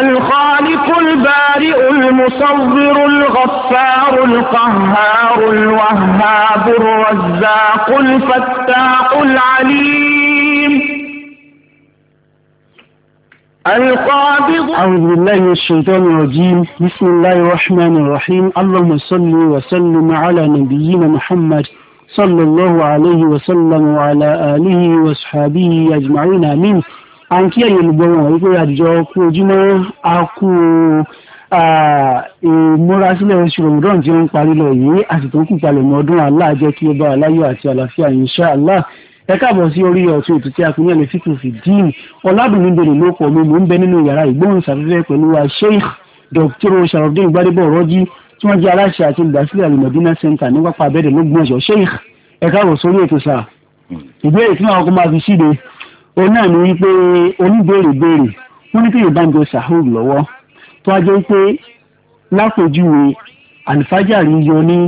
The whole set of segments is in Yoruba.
الخالق البارئ المصور الغفار القهار الوهاب الرزاق الفتاق العليم القابض أعوذ بالله من الشيطان الرجيم بسم الله الرحمن الرحيم اللهم صل وسلم على نبينا محمد صلى الله عليه وسلم وعلى آله وصحبه أجمعين آمين à ń kí ẹ̀yin olùgbọ̀wọ̀n wípé àdìjọ kú ojúmọ́ a kú ìmúrasílẹ̀ oṣù ròmùdán tí ó ń parí lọ yìí àsìkò ń kúpalẹ̀ mọ́ ọdún aláà jẹ́ kí ó bá aláyọ̀ àti àlàáfíà insha Allah ẹ káàbọ̀ sí orí ọ̀tún ètò tí a pín ní ẹlẹ́sìkò fìdíìn ọ̀làdùnmí bèrè ló pọ̀ mi mò ń bẹ nínú yàrá ìgbóhùnsáfẹ́fẹ́ pẹ̀lú wa Sheikh Dr. Sharafdin Gbadebo Rọ́jí tí wọ́n jẹ́ aláṣẹ àti olùdásílẹ̀ alimọ̀dínà center ní pápá abẹ́rẹ́ lógún Sheikh ẹ káàbọ̀ sórí ètò sáà hmm. ìbéèrè tí wọn kò máa fi ṣíde òun náà ni wípé oníbèrèbèrè wọ́n ní kí yorùbá ń jọ sahur lọ́wọ́ tó a jẹ́ pé lápèjúwe àlùfájàrí yọ ní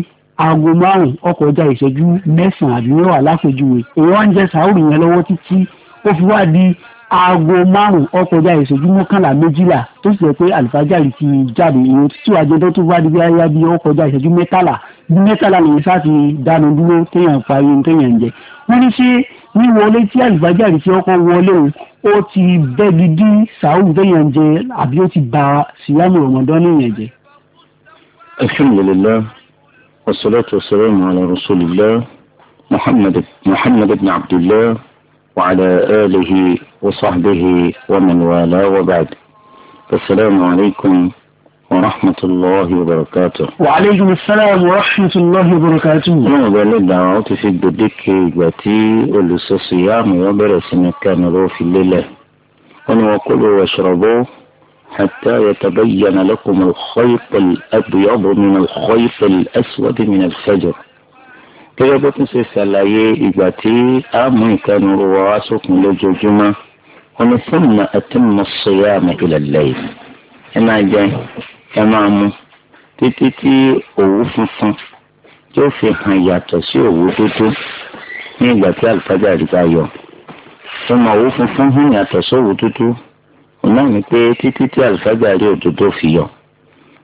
aago márùn ọkọ̀ ọjà ìṣẹ́jú mẹ́sàn-án àbí mẹ́wàá lápèjúwe èèyàn ń jẹ sahur yẹn lọ́wọ́ títí ó fi wá di aago márùn ọkọ̀ ọjà ìṣẹ́jú mọ́kànlá méjìlá tó sì jẹ́ pé àlùfájàrí ti jáde ìyẹn tí wàá jẹ́ tó wá di bí ayá bí ọkọ̀ ọjà ìṣẹ́jú mẹ́tàlá mẹ́tàlá lèyìn sáà ti dánu dúró téèyàn parí téèyàn jẹ wọ́n ní ṣé wíwọlé tí àlùfájàrí tí ọkọ wọlé o ó ti bẹ́gi dí sàúrù téèyàn jẹ àbí ó ti ba síyámù rọmọdán nìyẹn jẹ. alhamdulilayi wasalaatu wasalaamu ala rasulillah muhammad muhammad ibn abdullah wa ala alihi wa sahbihi wa man wala wa baad asalaamu alaykum. ورحمة الله وبركاته وعليكم السلام ورحمة الله وبركاته أنا قال دعوت في الدك جاتي ولسه صيام وبر سنة كان في الليلة حتى يتبين لكم الخيط الأبيض من الخيط الأسود من الفجر كي يبقى سيسالي إباتي أمي كانوا رواسك من الجمعة أتم الصيام إلى الليل أنا جاي ẹ máa mu títí tí òwú funfun yóò fi hàn yàtọ̀ sí òwú dúdú ní ìgbà tí àlùfáàjà rí bá yọ ẹ mọ òwú funfun hàn yàtọ̀ sí òwú dúdú òun ni pé títí tí àlùfáàjà rí òdodo fi yọ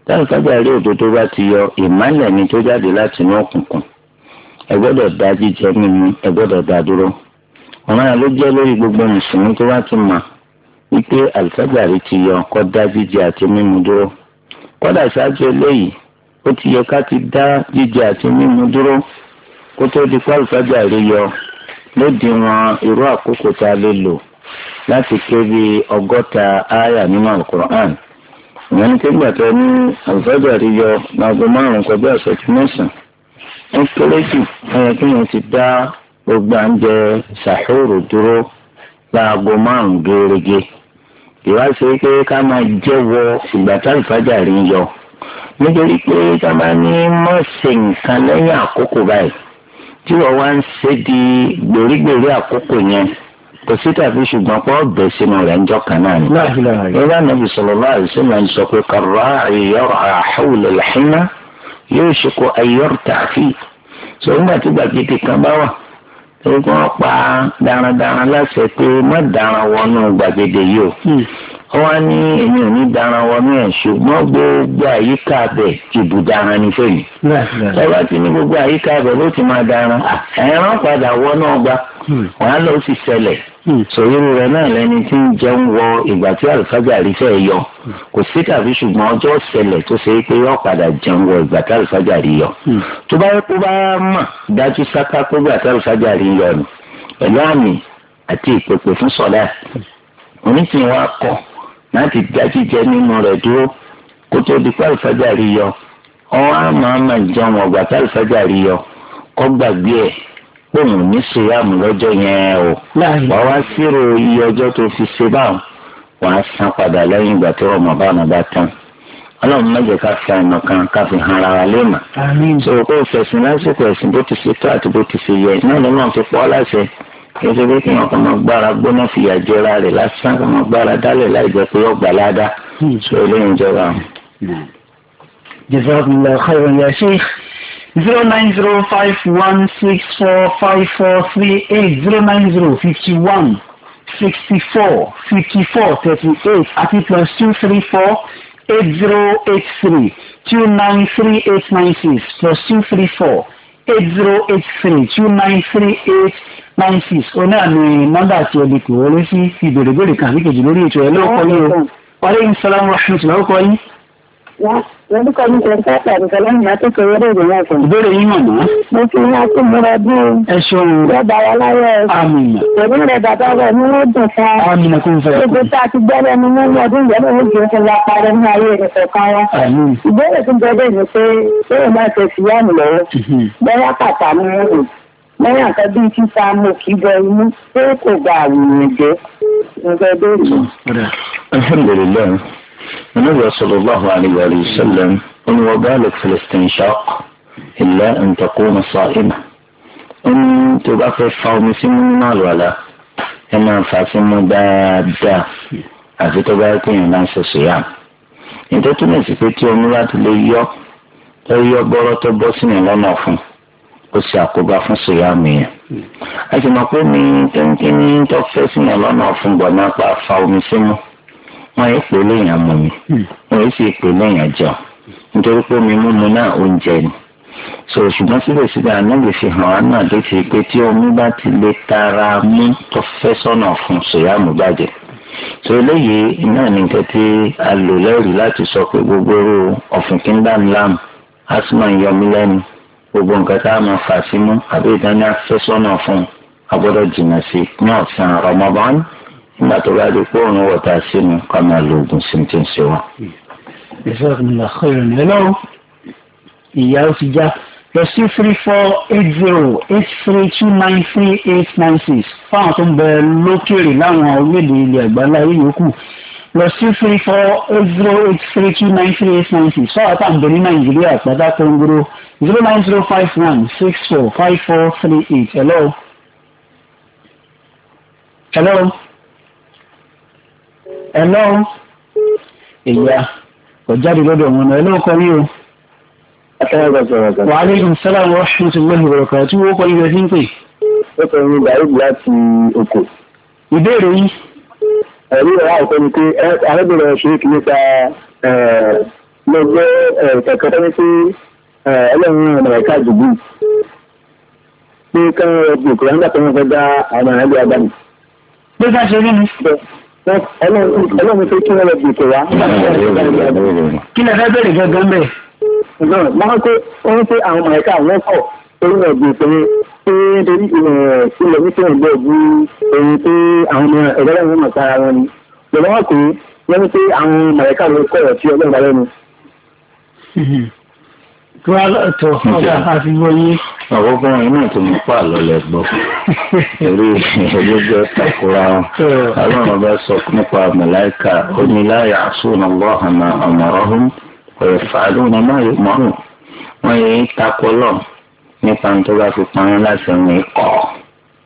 tí àlùfáàjà rí òdodo bá ti yọ ìmálẹ̀ ni tó jáde láti inú òkùnkùn ẹ gbọ́dọ̀ dá jíjẹ mímu ẹ gbọ́dọ̀ dá dúró ọ̀ràn yẹn ló jẹ́ lórí gbogbo mùsùlùmí tó bá ti mọ̀ wípé àlùfáàjà rí ti yọ kó dá jíjẹ àti mímu dúró kọ́dà ṣáájú eléyìí ó ti yẹ ká ti dá jíjẹ àti mímu dúró kó tó di pálùfájà rí yọ lódiwọ̀n irú àkókò tá a lè lò láti ké bí ọgọ́ta àyà nínú alukur'an ìyẹn ní kégbà tó ní àlùfájà yọ márùn kọjá ìṣẹ́jú mẹ́sàn-án ó kéré jù kí ti dá gbogbo ìwáṣẹ pé ká máa jẹ́wọ́ ìgbà tá ìfájà rí yọ nítorí pé ká máa ní mọ̀ ṣe nǹkan lẹ́yìn àkókò báyìí tí wọ́n wá ń ṣe di gbèrígbèrí àkókò yẹn kò sí tàbí ṣùgbọ́n pé ọ̀bẹ sínú rẹ̀ ń jọ́kan náà ni. ìlànà nàbì sallallahu alaihi wasallam sọ pé karra'i yar'a hawla al-hima yushiku an yarta'a fi. sọ nígbà tí gbàgede kan bá wà torí kí wọ́n pa darandaran láṣẹ pé má daran wọnú gbàgede yìí o hmm. wọ́n ní èmi ò ní daran wọnú ẹ̀ ṣùgbọ́n gbogbo àyíká bẹ̀ ìbùdaran ni fèmí. ọba ti ní gbogbo àyíká bẹ̀ ló ti máa daran ẹ̀ràn padà wọnú ọgbà wàá lọ sí ṣẹlẹ̀ Hmm, sòrírù rẹ̀ náà lẹni tí ń jẹun wọ ìgbà tí àlùfájàrí fẹ́ yọ kò sí tàbí ṣùgbọ́n ọjọ́ ṣẹlẹ̀ tó ṣe é pé yọ padà jẹun wọ ìgbà tí àlùfájàrí yọ hmm. tó bá yẹ kó bá mọ̀ dájú sáká pé ìgbà tí àlùfájàrí yọ nù pẹ̀lú àmì àti ìpèpè fún sọ̀lá onítìwọ́n akọ láti dájú jẹ nínú rẹ̀ dúró kó tó di pé àlùfájàrí yọ ọ̀hún àmọ́ àmọ́ ìjọ wọn ìgbà tí àlùfájàrí yọ kọ́ gbàgbé ẹ̀ pé mo ní síyàmù lọ́jọ́ yẹn o wàá wá sírò iye ọjọ́ tó fi ṣe báwọn wàá san padà lẹ́yìn ìgbà tí ọmọ báwọn bá tán ọlọ́run mẹ́jọ ká fi àìmọ̀ kan ká fi hàn ara wa léèmà sọ̀rọ̀ pé òfẹ̀sìn lásìkò ẹ̀sìn bó ti ṣe tó àti bó ti ṣe yẹ náà lọ́nà ti pọ́ láṣẹ kẹsẹ̀ pé kí wọn kàn máa gbára gbóná fìyà jẹra rẹ̀ lásán kàn máa gbára dálẹ̀ láì jẹ́ pé ọgbà ládàá hmm. sọ eléyìí jọra. jẹ́sọ́ ọ̀gbìn lọ́ọ́ zero nine zero five one six four five four three eight zero nine zero fifty one sixty four fifty four thirty eight àti plus two three four eight zero eight three two nine three eight nine six plus two three four eight zero eight three two nine three eight nine six oní àmì nọ́mbà àti ẹbí kò wọlé sí ìbèrèbèrè kan àbíkejì lórí ètò ẹ lóko yìí o wàlẹ́yìn sálámù rahmatulah ó kọ́ yín. Orúkọ mi ṣe sáàtà nìkan lẹ́yìn máa tẹ́kọ̀ọ́ eré ìròyìn ọ̀sán. Ìbéèrè yín màmá. Mo fi ní akó múra bí. Ẹ ṣeun. Yọba wa láyọ̀ ẹ̀. Àmìnà. Pẹ̀lú rẹ̀ bàbá rẹ̀ ni wọ́n dùn fún. Àmìnà kò fẹ́. Gbogbo tá a ti gbẹ́rẹ́ ni wọ́n ní ọdún ìyá náà lóṣù tó la parẹ́ ní ayé rẹ̀ kọ̀ọ̀kan wa. Ìbéèrè tó bẹ̀rẹ̀ ni pé ṣé o máa fẹ́ fi lọ́wọ́? Mhm. Bẹ́ẹ̀ النبي صلى الله عليه وآله وسلم إن وبالك في الاستنشاق إلا أن تكون صائمة إن تبقى في الصوم سن ولا إن فاسم دادا àfi tó bá yẹ kéèyàn náà ṣe sòyàm nítorí tó mẹsì pé tí omi bá ti lè yọ tó yọ gbọrọ tó bọ sínú lọnà fún ó ṣe àkóbá fún sòyàm yẹn a sì mọ pé ní kínkínní tó fẹ́ sínú lọnà fún gbọ̀n náà pa fa omi símú wọn yóò pè léèyàn mú mi hmm. wọn yóò sì pè léèyàn jẹun nítorí pé omi mímu náà oúnjẹ ni so ṣùgbọ́n síbẹ̀síbẹ̀ ànágbè fi hàn án náà létí pé tí omi bá ti lè tara mú tó fẹ́ sọ́nà fún sòyàmù bàjẹ́ so eléyìí náà ní nǹkan tí a lò lẹ́rìí láti sọ pé gbogbo ọ̀fìn kí ń dá mi láàmú asma ń yọ mí lẹ́nu gbogbo nǹkan tá a máa fà símú àbí ìdáná fẹ́ sọ́nà fún a jìnnà sí ní ọ̀sán Ramadan nígbà tó bá di pé òun wọ̀ta sínú ká máa lo oògùn sí ti ń ṣe wá. ìṣèkùnlá ọ̀rọ̀ ni ọlọ́run ìyá ó ti já lọ sí three four eight zero eight three two nine three eight nine six fáwọn tó ń bẹ lókèrè láwọn orílẹ̀-èdè ilẹ̀ àgbáńlá yìí yòókù plus two three four eight zero eight three two nine three eight nine six sọ àtà àgbẹ̀ ní nàìjíríà pàtà kóńgóró zero nine zero five one six four five four three eight hello. hello ẹ̀lọ́ ìyá kò jáde lọ́dọ̀ wọn náà ẹ̀lọ́ kọ́ ní o. wa aleykum salaam wa rahmatullahi wa barakatuh tí wọ́n kọ́ ibẹ̀ sí ń pè. ó sọ mi dàrúdì láti oko. ìbéèrè yìí. ẹ̀rí ọ̀rá ọ̀sẹ̀ ni pé arábìnrin ṣe é kí nípa lọ́gbẹ́ kẹ̀kẹ́ tẹ́lẹ̀ sí ẹlẹ́rìn ọ̀nà ẹ̀ka àdúgbò pé káwọn ọkùnrin kan nígbà tó wọn fẹ́ dá àwọn àrẹ́gbẹ́ agbáni ọlọ́run tó kí wọ́n lọ gbèsè wá. kí ni ẹ fẹ́ bẹ̀rẹ̀ gangan bẹ́ẹ̀. ǹjọ́ máa ń pé ó ń pé àwọn màlẹ́kà wọ́n kọ̀ torí wọn gbèsè pé torí ilẹ̀ wípé wọn bẹ̀ bu ẹni pé àwọn ọmọ ẹ̀rọ ẹ̀rọ mọ̀ sára wọn ni. lọ́wọ́ kò ní wọ́n ní àwọn màlẹ́kà ló kọ̀ ọ̀rọ̀ sí ọlọ́run tó alọ́tọ̀ ọjà àfihàn yé. àkọ́kọ́ iná tó ń pa àlọ́lẹ̀ gbọ́ torí ìṣèjọba takura wọn aláwọn bá sọ nípa màláìka ó ní láyà àsùn ọlọ́hàmà ọ̀mọ̀rọ́hún ọ̀rẹ́ fàálù ní má yóò mọ́rùn wọ́n yẹ takọ lọ nípa tó bá fi pa wọn láti rìn kọ́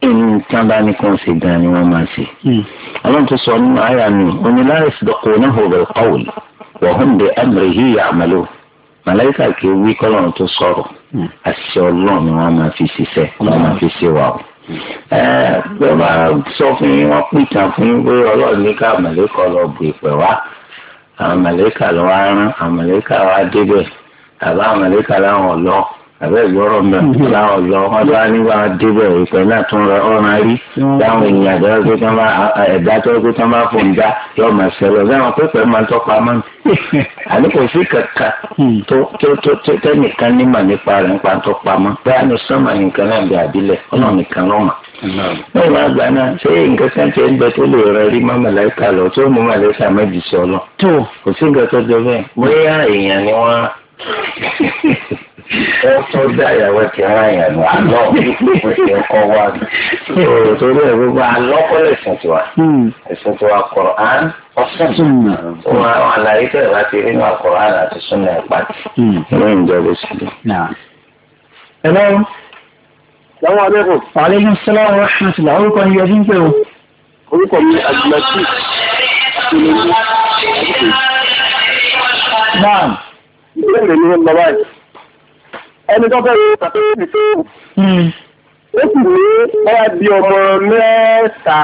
inú tí ní kó ń ṣe gan ni wọn máa ṣe. Hmm. ọlọ́run tó sọ nínú àyà mi oníláyà ìsìdọ̀kọ̀ oníhòòrò ọ̀wọ̀l wọ̀hún màláìsà kì í wí kọ́lọ́run tó sọ̀rọ̀ hmm. àṣìṣe ọlọ́run ni wọ́n máa fi ṣiṣẹ́ wọ́n hmm. máa fi ṣe wà o. bẹ́ẹ̀ bá sọ fún yín wọ́n pè tán fún yín pé ọlọ́run ní ká màláìkà lọ bu ìpẹ́ wá àwọn màláìkà lọ wá rán àwọn màláìkà wá débẹ̀ àbá àwọn màláìkà láwọn lọ àbẹ ìgbọràn mẹ láwọn ọyọ ọba nígbà débẹ̀ ìpẹ náà tún rẹ ọràn rí táwọn èèyàn àdáyọ pé tán bá ẹ̀dá tó pé tán bá fòun dá yóò máa ṣẹlẹ̀ ọgbẹwọn pépè máa ń tọpa mọ mi àní kò sí kankan hmm. tó tó tó tẹnìkan nímọ̀ nípa rẹ̀ nípa tọpa mọ bẹ́ẹ̀ ni sọmọ nìkan náà bí àbílẹ Ọlọ́run nìkan lọmọ bẹ́ẹ̀ máa gbà náà ṣé nǹkan kan ti ń bẹ tó lè rẹ rí mọ́ màláìka lọ tó mú màláìka méjì sọ lọ kò sí nǹkan tó jọ bẹ́ẹ̀ bóyá èèyàn ni wọ́n ẹ tó dá ìyàwó ti ara yẹn lọ àlọ ìpínlẹ̀ ọkọ wa torí ẹ gbogbo àlọ kọlẹ ẹsùn tiwa ẹsùn hmm. tiwa kọrọ án ọsùn wọn àwọn àlàyé tẹ bá ti rí nínú àkọrọ án àti súnmọ́ ẹ pàtì ló ń jẹ lóṣù tó. hello. sàmú alẹ́kùn. aleykum salaam wa rahmatulah orúkọ ni yẹn ti ń pè o. orúkọ mi àdìmọ̀tì àti ìlú. naam. ìbéèrè ni wọ́n lọ báyìí ẹni tó fẹ́ yóò tàbí ìlú fún un. Hmm. ó sì ní ọ̀rá di ọmọ mẹ́ta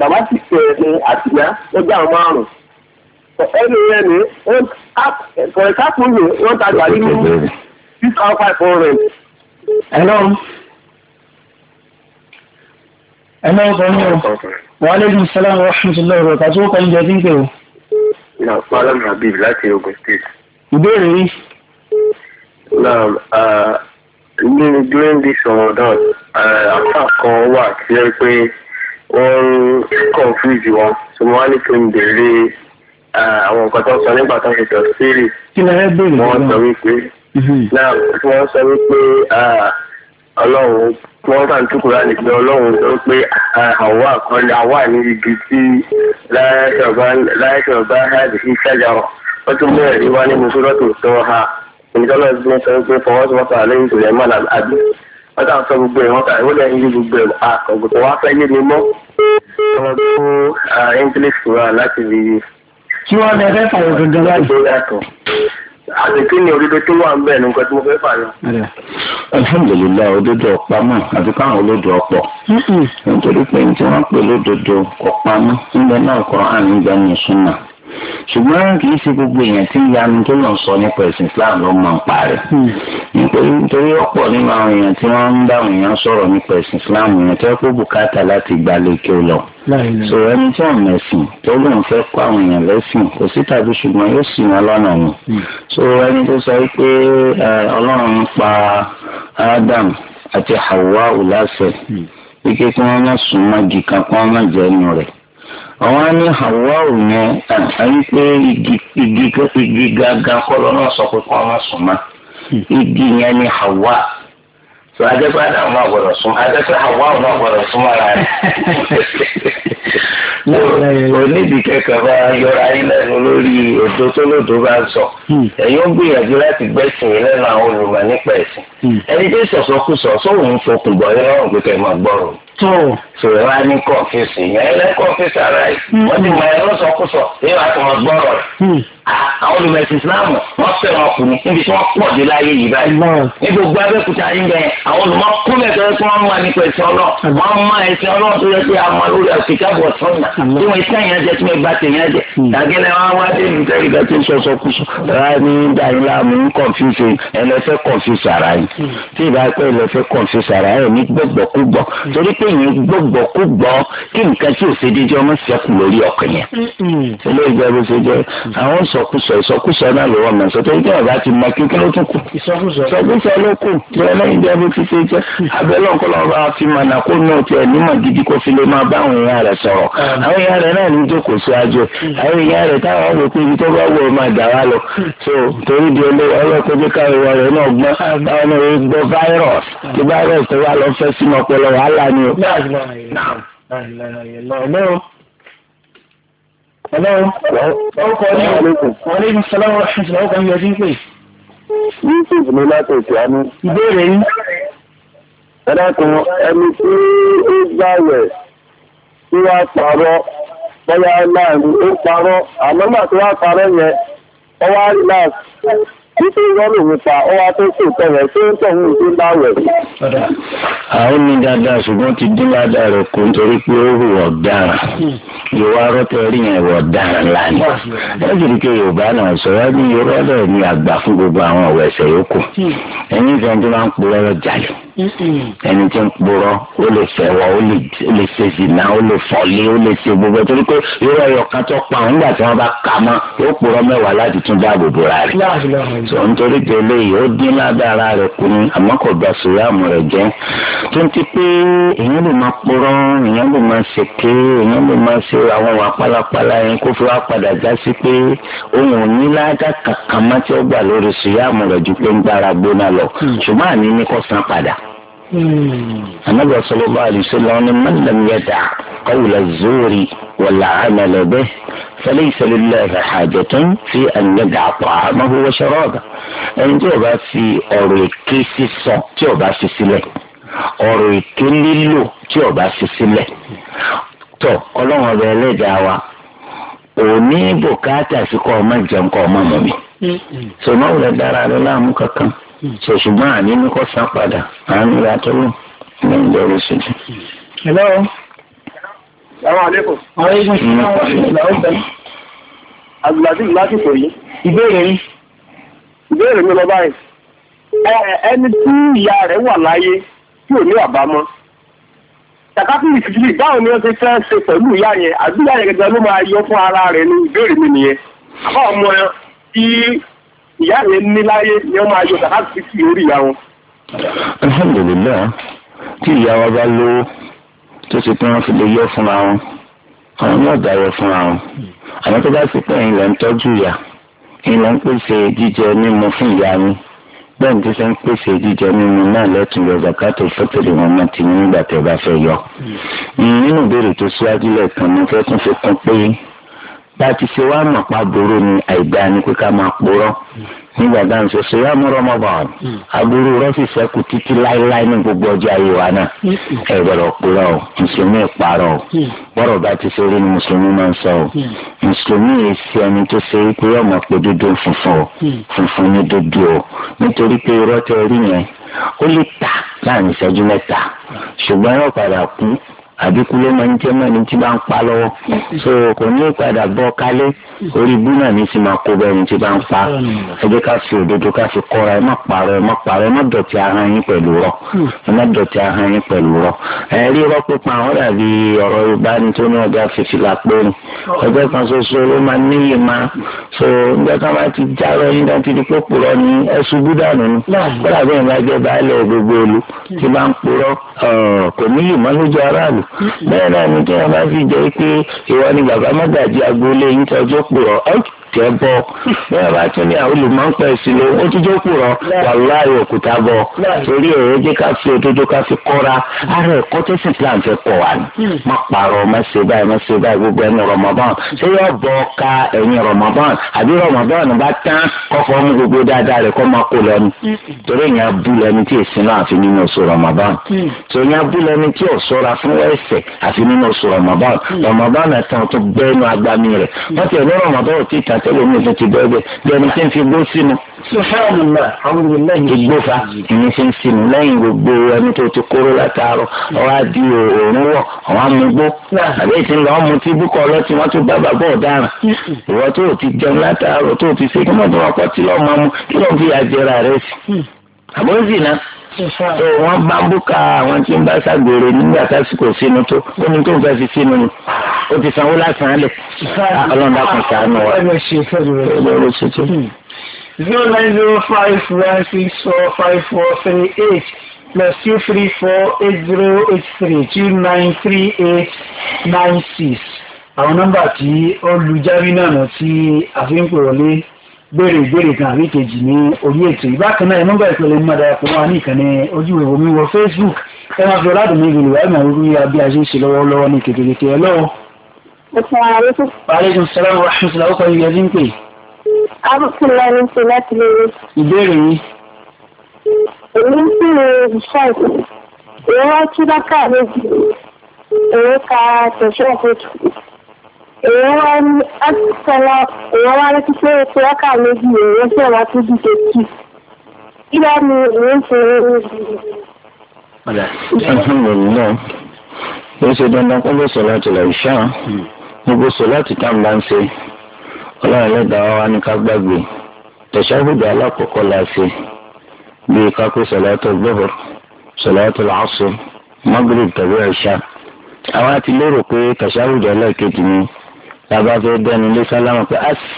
bàbá sì ṣe ẹ̀sìn àtìyá ó jẹ́ àwọn márùn-ún. ẹni yẹn ni for a couple year wọ́n ta gbà nínú six thousand five hundred. hello. hello sọ́ni o wa aleykum salaam wa rahmatullahi wa jẹ́ dínkì ìyá ọ̀pá alámọ̀ láti Ogun State. ìbéèrè yìí. Now, uh, during, during this Ramadan, uh, apá kan wà tí ẹ pé wọ́n ń confuse wọn tí wọ́n á ní kí n béèrè uh, àwọn nǹkan tó ń sọ nígbà tó ń sọ sírì. Kí ni ẹ béèrè lọ́wọ́? Mhm. Wọ́n sọ wípé náà wọ́n sọ wípé ọlọ́run wọ́n kà ń túkúrà ní pé ọlọ́run sọ pé uh, àwa àkọlé àwa ní ibi tí láyé ṣọ̀bá láyé ṣọ̀bá ṣáàdì sí ṣájà ọ̀ wọ́n tún bẹ̀rẹ̀ wá ní mùsùlùmí tó ha ìjọba ẹgbẹ́ ń sọ pé fọwọ́ sí wọ́pọ̀ àlẹ́ ìṣẹ̀lẹ̀ mọ́ àbí wọ́n tà ń sọ gbogbo ẹ̀ wọ́n kà wọ́n lẹ́yìn yí gbogbo ẹ̀ àkọ́gbọ̀tọ̀ wá fẹ́ yé mi mọ́ ọmọ tó english wa láti fi. kí wọ́n lè fẹ́ fàyọ̀ gangan láì. àtẹ̀kí ni òdodo tó wà ń bẹ̀ nǹkan tí mo fẹ́ fàyọ̀. alhamdulilayi òdodo ọ̀pamọ́ àti káwọn olódò ọ̀pọ̀ nítorí pé ní tí wọ́n pè lódodo ọ̀pamọ́ nígbà náà kọ́ àrùn ìgbà ní ìsúná ṣùgbọ́n kì í ṣe gbogbo èèyàn tí ìyanu tó lọ sọ nípa ẹ̀sìn Islam ló máa ń parẹ́ hmm. nítorí ọ̀pọ̀ nínú àwọn èèyàn tí wọ́n ń bá èèyàn sọ̀rọ̀ nípa ẹ̀sìn Islam yẹn tó kó bùkátà láti gbalẹ̀ lọ so ẹni tí wọn mẹ̀sìn tó lóun fẹ́ kó àwọn èèyàn lẹ́sìn kò sí tàbí ṣùgbọ́n yóò sì wọn lọ́nà wọn hmm. so ẹni tó sọ pé Ọlọ́run pa Adam àti Hawa ò láṣẹ hmm. wípé kí wọ́n má sùn má gìkan kí má jẹ́ ẹnu rẹ̀ àwọn á ní àwọ̀ òyìn àyí pé igi gangan kọ́ lọ́nà sọ pé kọ́ ọmọ sùn mọ́ igi yẹn ní àwọ̀ tó adẹ́gbẹ́ àdáhùn náà gbọ́dọ̀ sún adẹ́gbẹ́ àwọ̀ àwọn náà gbọ́dọ̀ sún mọ́ra rẹ̀ onídìí kẹkẹ̀ẹ́ bá yọra yín lẹ́nu lórí òdo tó lòdò bá ń sọ hmm. ẹ̀yin ó gbìyànjú láti gbẹ́sìn lẹ́nu àwọn olùmọ̀ nípa ẹ̀sìn hmm. ẹni tí sọ̀sọ́kù sọ sóhun fokùn bọ̀ yẹn lọ́rùn pé kẹ́ máa gbọ́rọ̀ sọ̀rọ̀ wa ní kọ́ọ̀fíìsì yẹn ẹ lẹ́kọ́ ọ́fíìsì ara ẹ̀ hmm. wọ́n ti mọ ẹ̀rọ sọkúsọ èyí wàá tó wọn gbọ́rọ̀ rẹ̀ hmm. àwọn olùmẹ̀sì ìsìláàmù wọ́n fẹ́ wọn kù ní níbi tí wọ́n pọ̀ dé láyé yìí báyìí hmm. ní gbogbo abẹ́kúta yín bẹ́ẹ̀ àwọn olùmọ̀kúnlẹ̀ tó yẹ kí wọ́n máa nípa ẹ̀sìn ọlọ́ọ̀ wọ́n máa ẹ̀sìn ọlọ́ọ̀ tó yẹ kí a máa lórí àkìtàbọ̀ gbọ̀kúgbọ̀ kí nǹkan tí ò ṣe déédé ọmọ ṣẹ́kù lórí ọkàn yẹn. ilé ìjọ bó ṣe jẹ àwọn ìsọkúsọ ìsọkúsọ náà ló wà mọ̀ sọ́tọ́ ìjọ ọ̀gá ti mọ kíkí ló tún kù. ìsọkúsọ ló kù tí ọlọ́yin jẹ́ bó ti ṣe jẹ́ abẹ́lẹ́ ọ̀kọ́lọ́ bá fi mọ̀nà kó náà tiẹ̀ nímọ̀ gidi kó fi lè máa bá àwọn èèyàn rẹ̀ sọ̀rọ̀ mm. àwọn èèyàn rẹ̀ náà ní jókòó síwájú mm. àwọn èèyàn rẹ̀ táwọn mm. so torí di olówó ọlọ́kọ̀ọ́ bí káwọn ìwà rẹ̀ náà gbọ́n àwọn èèyàn gbọ́ virus ti virus Hello. Hello. Ọkọ̀ ní ọ̀lẹ́kùn. Ọ̀lẹ́kùn sọlọ́wọ́ ṣùgbọ́n ọkọ̀ ń yọjú ń pè. Yusuf ni láti ìtìánú. Ìbéèrè yín. Ẹ dákun ẹni tí ó gbà rẹ̀ tí wàá parọ́ bóyá láàrin ó parọ́ àmọ́ màá tí wàá parọ́ yẹn ọwọ́ àríláàsì nítorí wọn lòun pa ọwọ́ tó sì tọrẹ tó ń tọ̀hún tó ń bá wẹ̀. àwọn ní dáadáa ṣùgbọ́n ti dín ládàá rẹ̀ kó nítorí pé ó hù ọ̀daràn ìwà rọ́tẹ̀rì yẹn wọ̀ ọ̀daràn lánàá. lọ́jọ́ ìké yorùbá náà sọ̀rọ̀ ní yorùbá náà ní àgbà fún gbogbo àwọn ọ̀wẹ̀sẹ̀ yòókù ẹ̀yìn ìfẹ́ tó máa ń polówó jalè ẹni tí ń purọ́ ó lè fẹwọ ó lè ṣe zina ó lè fọlé ó lè ṣe gbogbo torí pé irú ẹyọ kan tó pa òun gbà tí wọn bá kà mọ yóò purọ́ mẹ́wàá láti tún dáàbò bò rà rẹ. sọ nítorí tẹ́lẹ̀ yìí ó dín ládàra rẹ kù ní àmọ́ kò gba sùúràmù rẹ jẹ tó ń ti pé èèyàn lè máa purọ́ èèyàn lè máa ṣe ké èèyàn lè máa ṣe àwọn wà pálapàla yẹn kó fi wá padà já sí pé òun ò ní ládàá tí ó gbà lórí sùúràmù rẹ ju pé ń gbára gbóná lọ hmm. ṣùgbọ́n àní ní kò san padà anabi sallallahu alaihi wasallam ni man lam yada' qawla az-zuri wal 'amala bihi falaysa lillahi hajatun fi an yada'a ta'amahu wa sharabahu ẹni tí ó bá fi ọ̀rọ̀ èké sísọ tí ó bá fi sílẹ̀ ọ̀rọ̀ èké lílò tí ó bá fi sílẹ̀ tọ Ọlọ́run ọbẹ Ẹlẹ́dàá wa òní bùkátà sí kọ ọmọ jẹun kọ ọmọ mọ mi sọmọ wùlẹ dára rẹ kankan ṣòṣùgbọ́n àní ní kò san padà àánú ìlà tó lò ní ìjọ rẹ̀ ṣojú. hello. salaam aleykum. aleykum salaam wa rahmatulah. abdulaziz lásìkò yìí. ìbéèrè yìí. ìbéèrè mi lọ báyìí. ẹni tí ìyá rẹ̀ wà láyé tí ò ní àbámọ́ sàkátìrì fìdílì báwo ni wọ́n ti fẹ́ ṣe pẹ̀lú ìyá yẹn àdúrà yẹn gẹ́gẹ́ ló máa yọ fún ara rẹ̀ ní ìbéèrè mi nìyẹn. àbá ọmọ tí ìyá rẹ̀ ní láyé ni wọ́n máa yọ sàkà sí sí orí ìyá wọn. alhamdulilayi tí ìyá wa bá lówó tó ṣe pé wọ́n fi lè yọ fúnra wọn àwọn náà dáyọ fúnra wọn àwọn tó bá sì pé ìlẹ̀ ń tọ́jú ìyá ìlẹ̀ ń pèsè jíjẹ mímu fún ìyá mi bẹ́ẹ̀ ní sísẹ́ ń pèsè jíjẹ mímu náà lẹ́tùn yọ zakato fẹ́tẹ̀lẹ̀ wọn máa ti nígbà tẹ́ bá fẹ́ yọ. nínú ìbéèrè tó síwájú lẹ́ẹ̀kan ni fẹ́ tún fi kún pé bá a ti ṣe wá mọ̀ pa gbòòrò ni àìgbà ni pé ká máa pòórọ́ nígbà tá à ń sọ ṣe wá mọ́ Ramadan agbóró rẹ sì ṣẹ́kù títí láéláé ní gbogbo ọjọ́ ayé wa náà ẹ gbọ́dọ̀ pòórọ́ o mùsùlùmí ìparọ́ o bọ́rọ̀ bá ti ṣe rí ni mùsùlùmí máa ń sọ o mùsùlùmí yìí ṣe ẹni tó ṣe é pé ọmọ pé dúdú funfun o funfun ní dúdú o nítorí pé irọ́ tẹ rí yẹn ó lè ta láàrin ìṣẹ́jú mẹ́ta ṣùgbọ́n yóò padà kú àbíkú ló máa ń jẹ́ mọ́ ẹni tí bá ń pa lọ́wọ́ so kò ní ìpadà bọ́ kálé orí ibú náà ní sì máa kó bẹ́ẹ̀ ní ti bá ń pa ẹ jẹ́ ká fi òdodo ká fi kọ́ra ẹ má parọ́ ẹ má parọ́ ẹ má dọ̀tí ara yín pẹ̀lú rọ ẹ má dọ̀tí ara yín pẹ̀lú rọ ẹ rí rọ pípa àwọn dàbí ọ̀rọ̀ Yorùbá ni tó ní ọjà fífi là pé ni kan ṣoṣo ló máa níyì máa so ǹjẹ́ ká má ti já lọ yín dáńtí ní pé purọ́ ni ẹ ṣubú dànù ni kódà bẹ́ẹ̀ ni ajẹ́ baálẹ̀ gbogbo olú ti bá ń purọ́ kò níyì mọ́ lójú aráàlú jẹ́ pé ìwọ will tẹ́ bọ́ bẹ́ẹ̀ bá tún ní àwọn olùmọ̀ọ́pẹ́ sí ló ó tún jókòó rọ wàláhì òkúta bọ̀ torí ẹ̀rọ jẹ́ ká fi òdodo ká fi kọ́ra ara ẹ̀kọ́ tó sì plan fẹ́ kọ̀ wá ni hmm. má parọ́ má ṣe báyìí má ṣe báyìí gbogbo ẹni rọmọbọ́n ṣé yóò bọ́ ká ẹ̀yìn rọmọbọ́n àbí rọmọbọ́n bá tán kọ́kọ́ mú gbogbo dáadáa rẹ̀ kọ́ máa kó lẹ́nu hmm. torí ìyẹn abú lẹ́ni tí èsì náà àfi nínú oṣù rọmọbọ́n tó hmm. ìyẹn abú lẹ́ni tí ò fún ẹ̀ṣẹ̀ àfi nínú oṣù rọmọbọ́n rọmọbọ́n ẹ̀tàn tó gbẹ́nu agbami rẹ̀ wọ́n ti ẹ̀ ní rọmọbọ́n ò tí ì tàn tẹ́lẹ̀ mi tó ti bẹ́ẹ̀ bẹ́ẹ̀ ni tí ń fi gbó sínú. ìgbófa ìní ti ń sinú lẹ́yìn gbogbo ẹni tó ti kóró látàárọ̀ ọwọ́ àdí òórùn wọ̀ ọwọ́ àmugbó àbí ètí ńlọ ọmọ tí búkọ ọlọ́tí wọ́n tún bá bàbá ọ̀daràn ìwọ tó o ti jẹun látàárọ̀ tó o ti ṣe kí mọ̀tò wọn kọ́ tí lọ́ọ́ máa mú kí lọ́ọ́ fi àjẹrà rẹ̀ sí. Mm. àbọ̀ ń zì náà tó wọ́n bá bùkà àwọn tí ń bá ṣàgbèrè nígbà sásìkò sínú tó ó ní tó ń fẹ́ fi sínú ni ó ti sanwó lásán lẹ̀ ah, ọlọ́run dákun ṣàánú wa. Hmm. zero nine zero five one six four five four three eight plus two three four eight zero eight three two nine three eight nine six àwọn nọ́mbà tí ó lu jábí náà tí a fi ń béèrè ìbéèrè kan àbí kejì ní orí ètò ìbákan náà ẹ̀mọ́gbà ìpínlẹ̀ mọ́dà ẹ̀kọ́ wa ní ojú ìwé omi wọ Facebook ẹ máa fi ọ̀làdùn méjì lè wá ìmọ̀ orí abí ajé ṣe lọ́wọ́lọ́wọ́ ní kékeré ẹ lọ́wọ́. salaam wa rahmatulah ọkọ yìí ẹbí ń pè. abdullahi ní ṣe láti lè rí. ìbéèrè yìí. èmi ń bèrè ìṣáì èèyàn kí bá káà méjì èèyàn ka tẹ̀síwájú èèyàn wá ní àtúntọ́lá èèyàn wá ní kíkẹ́ ètò ọkà méjì èèyàn sì wá tó dìde kí kílá ni èèyàn ṣe alhamdulilayi ó ṣe dandan kó ló sọ láti lọ ìṣá gbogbo sọ láti tá n bá ń ṣe ọlọ́run ẹlẹ́dàá wa ní ká gbàgbé tẹ̀síágùdà alákọ̀ọ́kọ́ la ṣe bíi kákó sọ̀láàtò gbọ́bọ̀ sọ̀láàtò làásù magrib tàbí ẹ̀ṣá àwọn àti lérò pé tẹ̀síágùdà ẹlẹ́ẹ̀kejì ni Laba fẹ́ dẹnu lé sálámù pé àṣà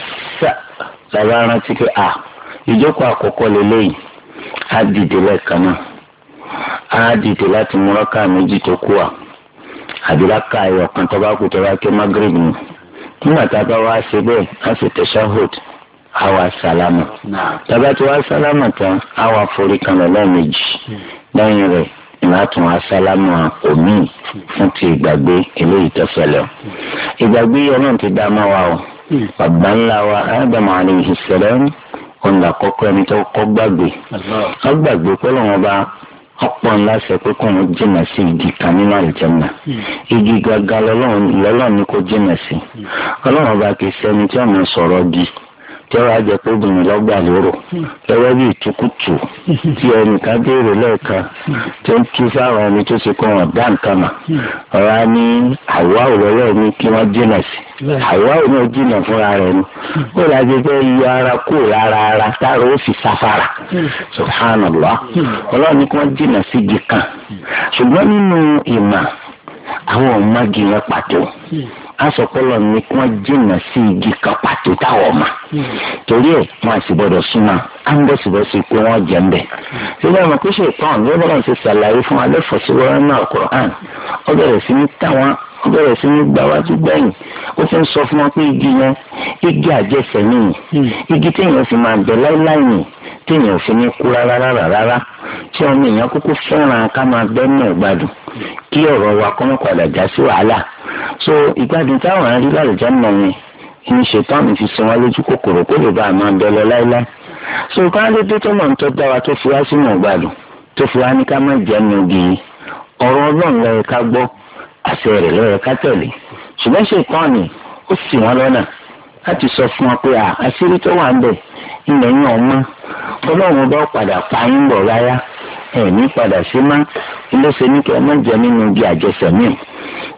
làbá rántí pé à ìjókòó àkọ́kọ́ lélẹ́yìn á dìde lẹ́ẹ̀kan náà á dìde láti mú rákà méjì tó kù à àbí rákà ẹ̀yọ̀ kan tó bá kù tó bá ké magrib ni nígbà tá a bá wá ṣe bẹ́ẹ̀ á sì tashahhud á wá sálámù tàbá tí wá sálámù tán á wá forí kan lẹ́ẹ̀mejì hmm. lẹ́yìn rẹ̀ látún asálámù omi fún ti ìgbàgbé eléyìí tó ṣẹlẹ̀ o ìgbàgbé ọlọ́run ti dá máa wa o bàbá ńlá wa ádámù alayhi salam òun là kọ́kọ́ ẹni tó kọ́ gbàgbé wọ́n gbàgbé pé lọ́wọ́n bá ọ̀pọ̀ ńlá ṣe pé kò wọ́n jìnnà sí igi kan nínú àlùjànnà hmm. igi gàgà lọ́lọ́run ni kò jìnnà sí hmm. ọlọ́run bá kì í ṣẹni tí wọ́n sọ̀rọ̀ di tẹ́wọ́ àjẹ pé obìnrin lọ́gbà lérò lọ́wọ́ bí ìtukùtù tí ẹnìkan béèrè lẹ́ẹ̀kan tó ń tu sáwọn ẹni tó ṣe kó wọn dá nǹkan mà ọ̀rọ̀ á ní àwa òwúrọ̀ ní kí wọ́n jìnà sí àwa ò náà jìnà fúnra rẹ̀ ni ó lájẹ fẹ́ yọ ara kó lára ara tára ó fi sáfara subhanallah ọlọ́run ni kí wọ́n jìnà sí igi kan ṣùgbọ́n nínú ìmọ̀ àwọn ọmọge yẹn pàtó asọpọlọ ni kí wọn jìnnà sí igi kan pàtó táwọn ọmọ torí ẹ wọn àti gbọ́dọ̀ súnmọ́ à ń bọsibọsi pé wọn jẹ ń bẹ. síbẹ̀ mọ̀ pé ṣèpọ́n ló bẹ̀rẹ̀ sí ṣàlàyé fún alẹ́fọ̀síwọ́rẹ́ náà Qur'an ó bẹ̀rẹ̀ sí ní táwọn ó bẹ̀rẹ̀ sí ní gbáwájú gbẹ̀yìn ó ti ń sọ fún wọn pé igi yẹn igi àjẹsẹ̀ nìyí hmm. igi téèyàn sì máa bẹ̀ láíláí nìyí téèyàn ò fi ní kú rárá rárá rárá tí ọmọ èèyàn kúkú fẹ́ràn ká máa gbẹ́nu ìgbádùn kí ọ̀rọ̀ wa kọ́ mọ́ padà sí wàhálà so ìgbádùn táwọn arí lálùjá mọ̀ yẹn ní ṣètọ́nù fi sin wọn lójú kòkòrò kó lè bá a máa bẹ̀rẹ̀ láéláé so ká ló dé tó mọ̀ ń tọ́ dá wa tó fi wá sínú ìgbádùn tó fi wá ní ká má jẹun ògì yìí ọ̀rọ̀ ọlọ́run ló yẹ ilẹ̀ yín ọmọ ọlọ́run bá padà pa yín bọ̀ rárá ẹ̀mí padà sí má ńlọ́sẹ̀ ní kí ẹ má jẹ nínú igi àjẹsẹ̀mí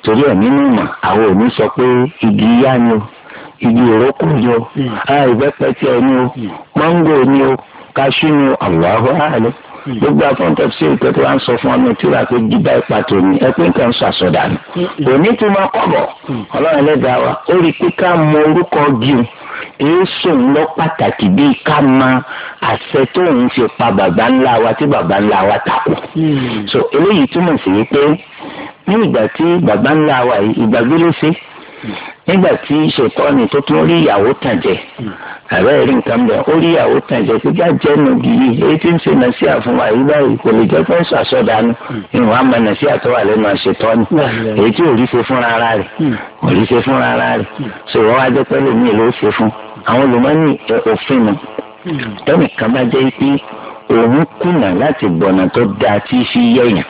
torí ẹ̀mí nù mà àwọn òní sọ pé igi yá ni o igi òrókù ni o hmm. ìbẹ́pẹ tí ẹ ní o hmm. máńgò ni o kaṣú ni o Allahu a'lam hmm. gbogbo afọ́ntọ́ sí ìtọ́ tí wọ́n ń sọ fún ọmọ ìtura pé jíba ìpàtó ni ẹ pé nǹkan ń sọ àsọdà ni òní tó máa kọ̀ bọ̀ ọlọ́run ẹlẹ́dàá wa ó rí pé ká mọ orúkọ gíun èésù ńlọ pàtàkì bíi ká ma àṣẹ tó ń fi pa bàbá ńlá wa tí bàbá ńlá wa takò. Hmm. so eléyìí túmọ̀ sí wípé ní ìgbà tí bàbá ńlá wa yìí ìgbàgbé ló ṣe nígbà tí ṣètọ́ni tó tún rí ìyàwó tàn jẹ hmm. àbẹ́ rí nǹkan bẹ̀ ó rí ìyàwó tàn jẹ pé bá jẹ́ nùgì yìí èyí tí ń ṣe nà sí àfún yìí báyìí kò lè jẹ́ pé ń ṣàṣọdánù hmm. ìwọ̀n àmọ́ nà sí àtọ́wà lẹ́nu àṣetọ́ni èyí tí ò rí ṣe fúnra ara rẹ̀ ò rí ṣe fúnra ara rẹ̀ ṣòwò wá pẹ́lú mi ló ṣe fún àwọn olùmọ́ni òfin mu hmm. tẹ́nìkan bá jẹ́ pé òun kùnà láti gbọ̀nà tó dáa tí fi yẹ̀yàn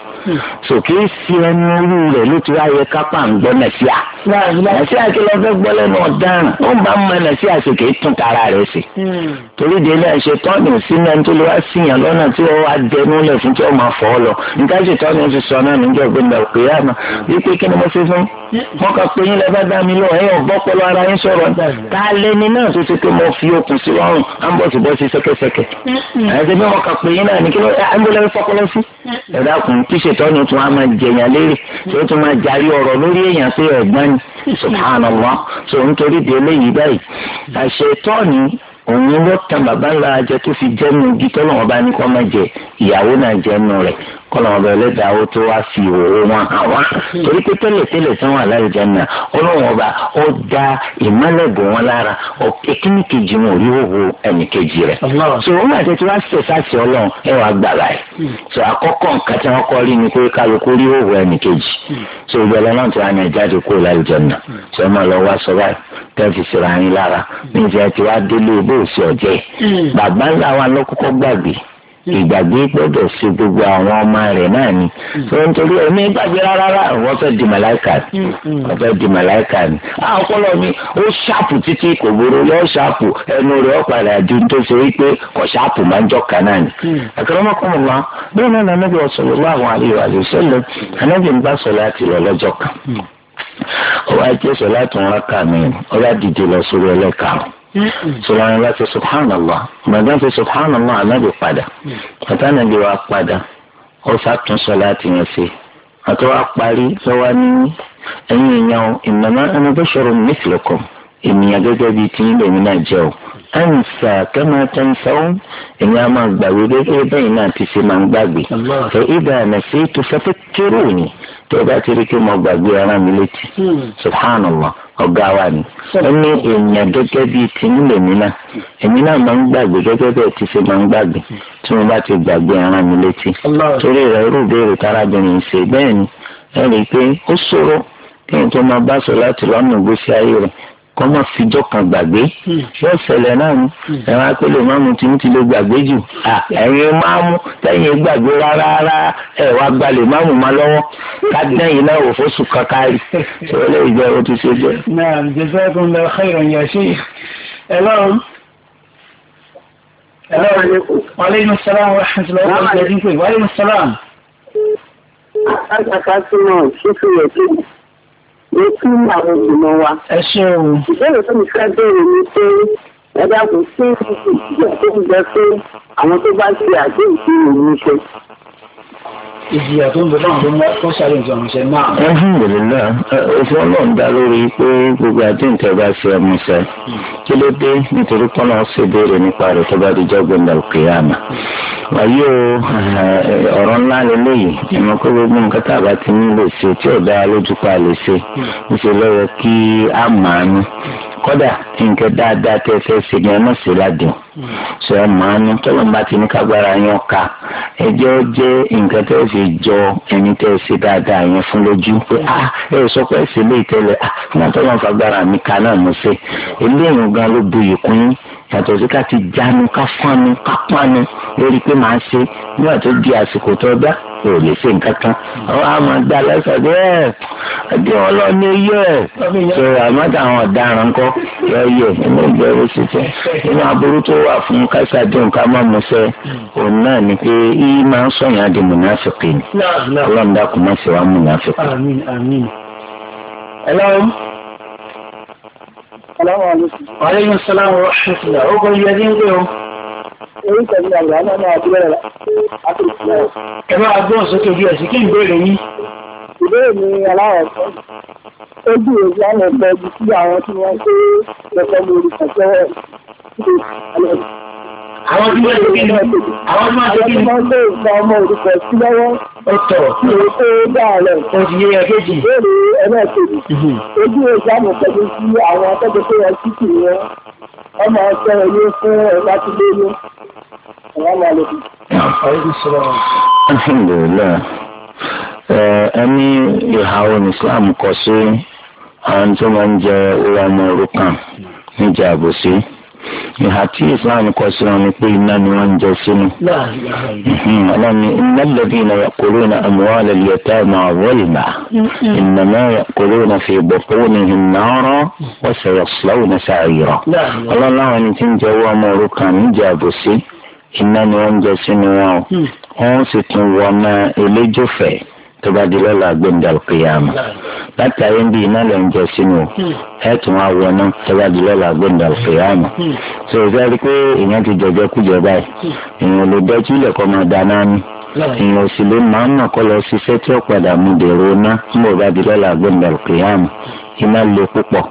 sòkè sí ẹnu orí rẹ̀ ló ti wá yẹ kápá ń gbọ́ nàṣíà nàṣíà kí lọ́ fẹ́ gbọ́ lẹ́nu ọ̀daràn ó ń bá mọ nàṣíà sòkè tún tara rẹ̀ sí. Hmm. torí de náà ṣe tọ́nù sínú ẹni tó lè wá síyàn lọ́nà tí ó wá dẹnu lẹ̀ fún tí ó máa fọ́ ọ lọ nǹkan ṣe tọ́nù ti sọ náà níjọ́ gbẹ̀ngàn òkè yá ma wípé kí ni mo ṣe fún mo kà pé yín lẹ́fẹ́ dá mi lọ ẹ̀yìn ọ̀bọ pẹ̀lú ara yín sọ̀rọ̀ tá a lé ní náà tó ti pé mo fi okùn sí ọrùn á sẹ́kẹ́sẹ́kẹ́ hmm, hmm. àti bí mo kà pé yín náà ní kí ló ń bọ́ lẹ́fẹ́ ẹ̀dá kùn tíṣe ṣètọ́nù tún á máa jẹyàn lérè tí ó tún máa jarí ọ̀rọ̀ lórí èèyàn pé ẹ̀gbọ́n ni subhanallah tó ń torí di eléyìí báyìí àṣetọ́ni òun ló tan bàbá ńlá ajẹ tó fi jẹ́nu igi tọ́lọ́wọ́n bá ní kọ́ máa jẹ ìyàwó náà jẹ́nu rẹ̀ kọlọ́n ọba ẹlẹ́dàá ó tó wá fi òwò wọn hàn wá hmm. torí pé tẹ́lẹ̀ tẹ́lẹ̀ tí wọ́n aláì jẹ́ nà ọba ó da ìmọ̀lẹ́gùn wọn lára ẹ̀kíní kejì wọn ò rí òwò ẹnì kejì rẹ̀ so wọn àti tí wọ́n ṣe sáàsì ọlọ́run ẹ wàá gbà láì hmm. so àkọ́kọ́ nǹkan tí wọ́n kọ́ rí ni pé kálukú rí òwò ẹnì kejì hmm. so ìbẹ̀lẹ̀ náà ti wá ní ìjáde kó láì jẹ́ nà so ọmọ lọ wá sọ báyìí tẹ́ẹ̀fì sèrè àyín lára ní ìfẹ́ tí ìgbàgbé gbọ́dọ̀ ṣe gbogbo àwọn ọmọ rẹ̀ náà ni wọn hmm. torí ẹ ní gbàgbé rárá wọn fẹẹ di màláìka ni hmm, hmm. wọn fẹẹ di màláìka ni àkọlọ mi ó ṣàpù títí kò burú lọ ṣàpù ẹnu rẹ̀ ọ̀padà di tó ṣe wípé kò ṣàpù máa ń jọka náà ni. àkàràmọ́kùnrin wa bẹ́ẹ̀ náà nànẹ́bí ọ̀sọ̀rọ̀ wà àwọn àlejò àlùsọ̀lẹ̀ ànẹ́bí ń bá sọ̀rọ̀ àti lọ lọ́jọ́ kan. ọba ẹjẹ sọlọ́run bá ti subhanallah gbàgbọ́n ti subhanallah anábì padà bàtà nàbì wa padà ó sàtúnṣọ láti yẹn ṣe àti wàá parí lọ́wọ́ ní ẹ̀yìn ìyàn innama ana basharun mithlukum ènìyàn gẹ́gẹ́ bíi tiyín lèmi náà jẹ́ o ẹnsa kẹ́mà tẹ́nsa ó èmi á máa gbàgbé gẹ́gẹ́ bẹ́ẹ̀ náà ti ṣe máa ń gbàgbé ẹ ìdá àná sí tó fẹ́ fẹ́ kéré òní tó bá ti rí kí mo gbàgbé ara mi létí hmm. subhanallah ọ̀gá wa ni ó ní èèyàn gẹ́gẹ́ bíi tìǹbù lèmi náà èmi náà máa ń gbàgbé gẹ́gẹ́ bẹ́ẹ̀ ti ṣe máa ń gbàgbé tí mo bá ti gbàgbé ara mi létí torí rẹ̀ irú ìbéèrè tárábìnrin ṣe bẹ́ẹ̀ ni ẹ rí i pé ó ṣòro kí n tó máa bá sọ láti lọ́nà ìgbésí ayé rẹ̀ kọ́ máa fìjọ́ kan gbàgbé yóò ṣẹlẹ̀ náà ni ẹ̀rọ akẹ́lẹ̀ máàmù tí ń ti lè gbàgbé jù ẹ̀yin máàmù tẹ̀yìn gbàgbé rárá rárá ẹ̀ wá gbalẹ̀ máàmù má lọ́wọ́ ká dẹ́yìn náà òfó sùn kankan rí tó lè jẹ́ o ti ṣe jẹ́. náà jazakumullahu khairan ya sheikh ẹlọ́run. ẹlọ́run wàlẹ́yìn sàlám wàhánṣẹ́lá wàlẹ́yìn sàlám ní kí àwọn ìgbìmọ̀ wa. ẹ ṣe o. ìbéèrè tó mi fẹ́ béèrè ni pé ẹ dákun sí ìgbà tó ń jẹ pé àwọn tó bá ṣe àdéhùn sí òun ṣe ìjìyà tó ń bẹ fáwọn tó ń kọ́ sáré nǹkan ọ̀sẹ̀ náà. alhamdulilayi òfin ọlọ́run dá lórí pé gbogbo àdéǹtẹ̀ bá ṣe ẹmúṣẹ kí ló dé nítorí pọ́nà ọ̀sẹ̀ béèrè nípa rẹ̀ tó bá di jọ́gbìn lọ́kìyàmà. wàyí o ọ̀rọ̀ ńlá lélẹ́yìí ìmọ̀ pé gbogbo nǹkan tá a bá ti ní lè ṣe tí ò dáa lójú pa lè ṣe ń ṣe lọ́wọ́ kí á màánú kódà nǹkan dáadáa tẹ́ fẹ́ ṣe ni ẹ má ṣe ládùn ṣe ẹ máa nu tọ́lọ́ bá ti ní kágbára yẹn ká ẹjọ́ jẹ́ nǹkan tẹ́ fi jọ ẹni tẹ́ ṣe dáadáa yẹn fún lójú pé ah, ẹ sọ pé ẹ ṣe lé ìtẹ́lẹ̀ fún ah, àtọ́lọ́ fagbára mi ká náà mo ṣe eléyìí gan ló bu ìkún yín yàtọ̀ sí ká ti jánu ká fánu ká pánu lórí pé màá ṣe nígbà tó di àsìkò tó dá tó lè ṣe nǹkan kan àwọn àmọ́ dá lẹ́sẹ̀ dé ẹ̀ ẹ̀dí wọn lọ ní yẹ ẹ̀ ṣe àmọ́tà àwọn ọ̀daràn kọ́ yọ yẹ inú ìbẹ̀rù sì jẹ́ inú aburú tó wà fún kásá dín ká má mú sẹ́ òun náà ni pé yìí máa ń sọ̀yìn àdì múnáfìkì ni ọlọ́run dákun má ṣe wá múnáfìkì. Hello. salaam wa rahmatulah. Ogun yẹn ní ń gbé o orúkọ ní àgbà náà máa bí lọ́rọ̀ láti ìpínlẹ̀. ẹ bá gbọ́n sókè ojú ẹ̀sìn kí n béèrè yín. ìbéèrè mi aláwọ̀ kan ó bí èyí àwọn ọ̀pọ̀ ibi tí àwọn tí wọ́n ń pé lọ́pọ̀ lórí kàtẹ́wọ̀ Àwọn tí wọ́n ti ní àwọn tí wọ́n ti ní wọ́n tó ìgbà ọmọ orúkọ sí lọ́wọ́. Ọ̀tọ̀ tí ó tó dáàlẹ̀. Ó ti yé ẹgbẹ́jì. Bẹ́ẹ̀ni ẹlẹ́ẹ̀kejì. Ojú ìgbàmù pẹ̀lú sí àwọn akẹ́kọ̀ọ́ tó yẹ sí kì wọ́n. Ọmọ ọ̀sẹ̀ ilé fún ẹ̀ka ti lé ní. Àwọn àlejò. Alhamdulillah. Ẹni ìhàwọ̀ ní Islam kọ sí àwọn tó máa ń jẹ owó ọmọ níjà àbòsí ìhà tí islam kọ sí wọn ni pé iná ni wọn ń jẹ sínú. ọlọ́ni iná lẹ́bí iná yakuluna amwala al-yatama zulma mm-hmm. innama yakuluna fi butunihim nara wa sayaslawna sa'ira. ọlọ́ni àwọn ẹni tí ń jẹ owó ọmọ òrukàn níjà àbòsí iná ni wọn ń jẹ sínú wọn o hmm. wọn sì tún wọnà eléjòfẹ́ tó bá di lọ́la gbẹ̀ndà òkèèyàmà látàrí ń bí iná lè ń jẹ sínú o hmm. ẹ tún wá wọnú tó bá di lọ́la gbẹ̀ndà òkèèyàmà hmm. tó o sáré pé èèyàn ti jẹjẹ kújẹ báyìí hmm. èèyàn lè dẹ́jú ilẹ̀ kọ́ máa dáná ní èèyàn ò sì lè máa ń nà kọ́ lọ ṣiṣẹ́ tí ó padà mú dèrò iná ń bò bá di lọ́la gbẹ̀ndà òkèèyàmà iná le púpọ̀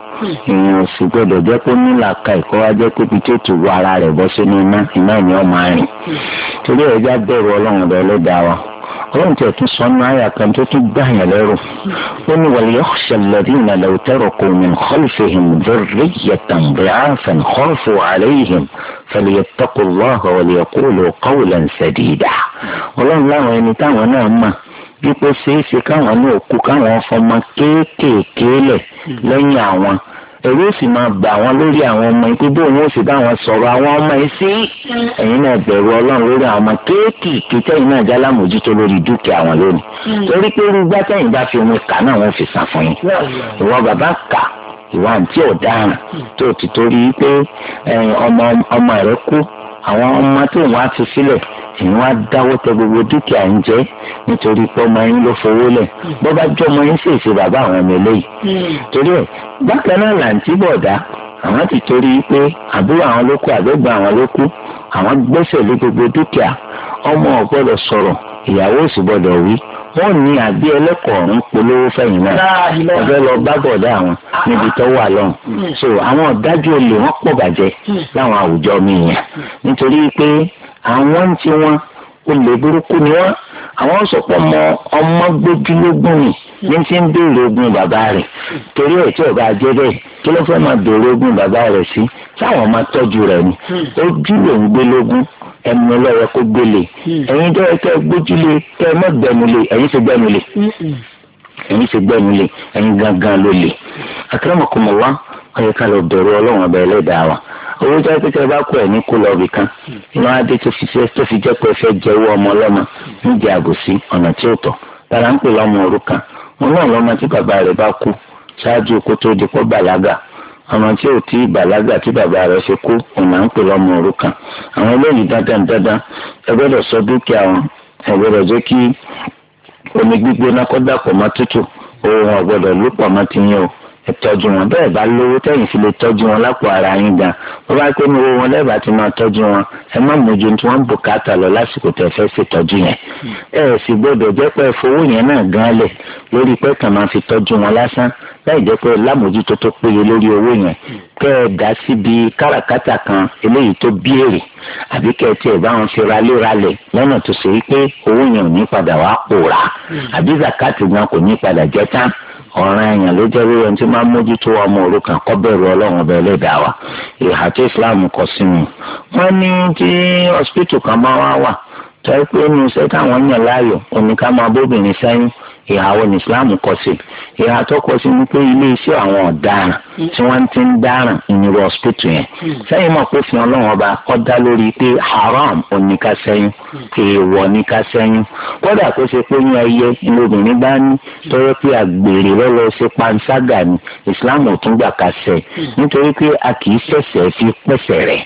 èèyàn ò sì gbọdọ̀ jẹ́ kó nílà ka ìkọ́ wa jẹ́ pé tó wọ ara rẹ̀ bọ́ sínú iná iná ni ó máa rìn torí ẹ̀já bẹ̀rù ọlọ́run rẹ̀ ló dá wa. قرآن تتصن معي كانت تبهي ليرو قل وليخشى الذين لو تركوا من خلفهم ذرية ضعافا خافوا عليهم فليتقوا الله وليقولوا قولا سديدا والله الله يعني تعالى يقول سيسي كان وانو كان وانفو كي كي كي لي لن يعوان ẹ̀rú sì máa bà wọ́n lórí àwọn ọmọ yìí pé bó wọn ò sì bá wọn sọ̀rọ̀ àwọn ọmọ yìí sí ẹ̀yin náà bẹ̀rù ọlọ́run lórí àwọn ọmọ kéékèèké tẹ́yìn náà já lámòjútó lórí dúkìá wọn lónìí hmm. torí pé irú gbá tẹ́yìn bá fi omi kà náà wọ́n fi sàn fún yín hmm. ìwọ bàbá kà ìwà àǹtí ọ̀daràn hmm. tó ti torí pé ọmọ rẹ kú àwọn ọmọ tó ń wá fi sílẹ̀ ẹ̀yin wá dáwọ́ tẹ gbogbo dúkìá ń jẹ́ nítorí pé ọmọ yín ló fowó lẹ̀ bó bá jọ ọmọ yín ṣèṣe bàbá àwọn ọmọ eléyìí torí ẹ̀ bákan náà làǹtí bọ̀dá àwọn ti torí pé àbúrò àwọn ló kú àgbẹ̀gbọ́n àwọn ló kú àwọn gbẹ́sẹ̀ lé gbogbo dúkìá ọmọ ò gbọ́dọ̀ sọ̀rọ̀ ìyàwó ò sì gbọ́dọ̀ wí wọ́n ní àbí ẹlẹ́kọ̀ọ́rún polówó fẹ̀yìn náà ọ̀fẹ́ lọ bá bọ̀dá àwọn níbi tó wà lọ́hùn so àwọn ọ̀dájú olè wọ́n pọ̀ bàjẹ́ láwọn àwùjọ mi yẹn nítorí pé àwọn ń ti wọn olè burúkú ni wọn àwọn sọ pé ọmọ ọmọ gbójúlógún ni ní ti ń béèrè ogún bàbá rẹ̀ torí ẹ̀ tí ọba jẹ́ bẹ́ẹ̀ kí ló fẹ́ máa béèrè ogún bàbá rẹ̀ sí táwọn máa tọ́jú rẹ̀ ni ojú ló ń gbé lógún ẹnu lọ́wọ́ kó gbélé ẹ̀yin dọ́wọ́ kẹ́ gbójúlé kẹ́ mọ́ gbẹ̀mùlé ẹ̀yin ti gbẹ̀mùlé ẹ̀yin ti gbẹ̀mùlé ẹ̀yin gangan ló lè akérèmọkùnmọ̀ wá ọ̀yẹ́ká lọ bẹ̀rù ọlọ́run ọba ẹlẹ́dàá wa owó jẹ́ pé tẹ́ bá kọ ẹ̀ ní kó lọ bì kan inú adé tó fi fẹ́ tó fi jẹ́ pé ọmọ ọlọ́mọ níbi ọ̀nà tí ó tara ń pè lọ́mọ òrukàn wọn náà lọ́mọ tí bàbá rẹ̀ bá kú ṣáájú kó tó di pọ́ bàlágà ọmọ tí ò tí bàlágà tí bàbá rẹ̀ ṣe kú ọ̀nà ń pè lọ́mọ àwọn eléyìí dandan dandan ẹ gbọ́dọ̀ sọ dúkìá wọn ẹ gbọ́dọ̀ jẹ́ kí omi gbígbóná kọ́ dàpọ̀ mọ́ tútù mọ́ ẹ tọ́jú wọn bẹ́ẹ̀ bá lówó tẹ́yìn fi lè tọ́jú wọn lápò ara yín gan wọ́n bá pé ní owó wọn lẹ́ẹ̀bà ti máa tọ́jú wọn ẹ má mójú tí wọ́n ń bùkátà lọ lásìkò tẹ̀ fẹ́ ṣètọ́jú yẹn ẹ sì gbọ́dọ̀ jẹ́ pé fowó yẹn náà gan lẹ̀ lórí pé kàn máa fi tọ́jú wọn lásán láì jẹ́ pé lámòjútó tó péye lórí owó yẹn kẹ́ ẹ dá síbi káràkátà kan eléyìí tó bí èrè àbí kẹ́ ẹ tiẹ̀ bá wọn fi ralé ralẹ̀ lọ́nà tó ṣe wípé owó yẹn ò ní padà wá pòórá àbí zakati gan kò ní padà jẹ tán ọ̀ràn èèyàn ló jẹ́ wíwọ́n tí máa mójútó ọmọ òrukàn kọ́ ọlọ́run ọbẹ̀ lẹ́dàá wa ìhà tí islam kọ sínú. wọ́n ní tí hospital kan bá wá wà tọ́ pé iṣẹ́ táwọn yàn láàyò òní ká máa bóbìnrin sẹ́yìn ìhàwọ ní islam kọ ìhà tó kọ ni pé ilé iṣẹ́ àwọn ọ̀daràn tí wọ́n ti ń dáràn ìnirú ọsibítù yẹn hmm. sẹ́yìn mọ̀ pé fi Ọlọ́run ọba ó lórí pé haram oníkásẹ́yìn hmm. èèwọ̀ oníkásẹ́yìn kódà kó ṣe pé ní ẹyẹ lóbìnrin bá ní tọrọ pé àgbèrè lọlọ ṣe panṣágà ni islam ò tún gbà kásẹ̀ hmm. nítorí pé a kì í ṣẹ̀ṣẹ̀ fi pẹ̀sẹ̀ rẹ̀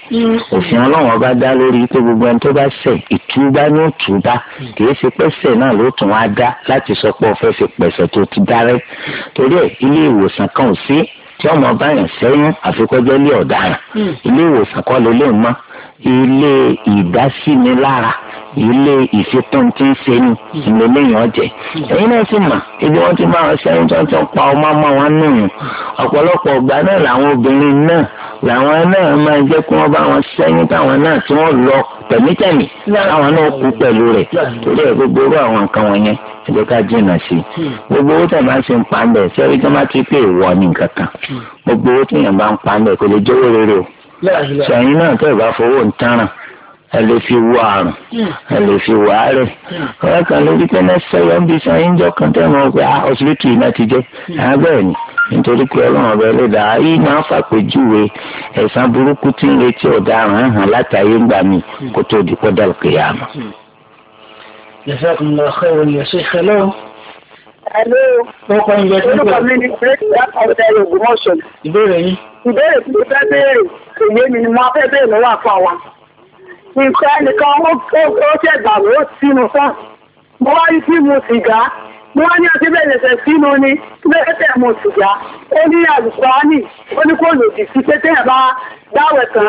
òfin Ọlọ́run ọba dá lórí pé gbogbo ẹni tó bá ṣẹ̀ ìtúbá ní òtúbá kì í ṣe pẹ̀sẹ̀ náà ló tún wá dá láti sọ fẹ́ fi pẹ̀sẹ̀ tó ti dárẹ́ torí ẹ̀ ilé ìwòsàn kan ò sí tí ọmọ báyàn sẹ́yìn àfikọ́jọ́ lé ọ̀daràn hmm. ilé ìwòsàn kọ́ ló lè mọ́ ilé ìdásínilára ilé ìfipọ́ntì sẹ́ni ìlélẹ́yìn ọ̀jẹ̀ ẹ̀yin náà sì mà ibi wọ́n ti máa ṣẹ́yìn tó ń tó ń pa ọmọ ọmọ wọn nùyàn ọ̀pọ̀lọpọ̀ ọ̀gbà náà làwọn obìnrin náà làwọn náà máa jẹ́ kí wọ́n bá wọn ṣẹ́yìn táwọn náà tí wọ́n lọ tẹ̀mítẹ̀mí láwọn náà kú pẹ̀lú rẹ̀ torí ẹ̀ gbogbo orú àwọn nǹkan wọ̀nyẹn ẹ jẹ́ ká jìnnà sí i gbogbo owó tẹ̀ máa ń ṣe ń pa ń bẹ̀ sẹ́rí tó máa ti pè wọ ní nǹkan kan gbogbo owó tẹ̀yàn bá ń pa ń bẹ̀ kò lè jówó rere o sọyìn náà tẹ́ bá fowó ń tánràn ẹ lè fi wo àrùn hmm. ẹ lè fi wo àárẹ̀ hmm. ọ̀rẹ́ kan lórí pé náà sẹ́yìn bíi sọyìn jọ kan tẹ́ mọ̀ pé ọsibítù ah, iná ti jẹ́ hmm. abẹ́ẹ̀ ah, ni nítorí pé ọlọ́run ọba ẹlẹ́dàá yìí máa ń fàpèjúwe ẹ̀san burúkú tí ń retí ọ̀daràn hàn látàyè ńgbà mi kó tó di pọ́ dàlùkè yà mọ́. jazakumullahu khairan ya sheikh hello. hello. ó kọ́ ìyẹn tó orúkọ mi ni ìbéèrè látàrí ìgbìmọ̀ sọ̀rọ̀. ìbéèrè yín. ìbéèrè tí mo fẹ́ béèrè èyí mi ni mo fẹ́ bẹ́ẹ̀ lọ́wọ́ àpá wa nǹkan ẹnìkan ó tẹ̀ gbàgbé ó sínú fún mo wá rí sí mu sìgá mo wá ní ọtí bẹ́ẹ̀ lẹ̀sẹ̀ sínú ni bẹ́ẹ̀ tẹ̀ mu sìgá ó ní àlùkò á nì ó ní kó lòdì sí pé téèyàn bá dáwẹ̀ tán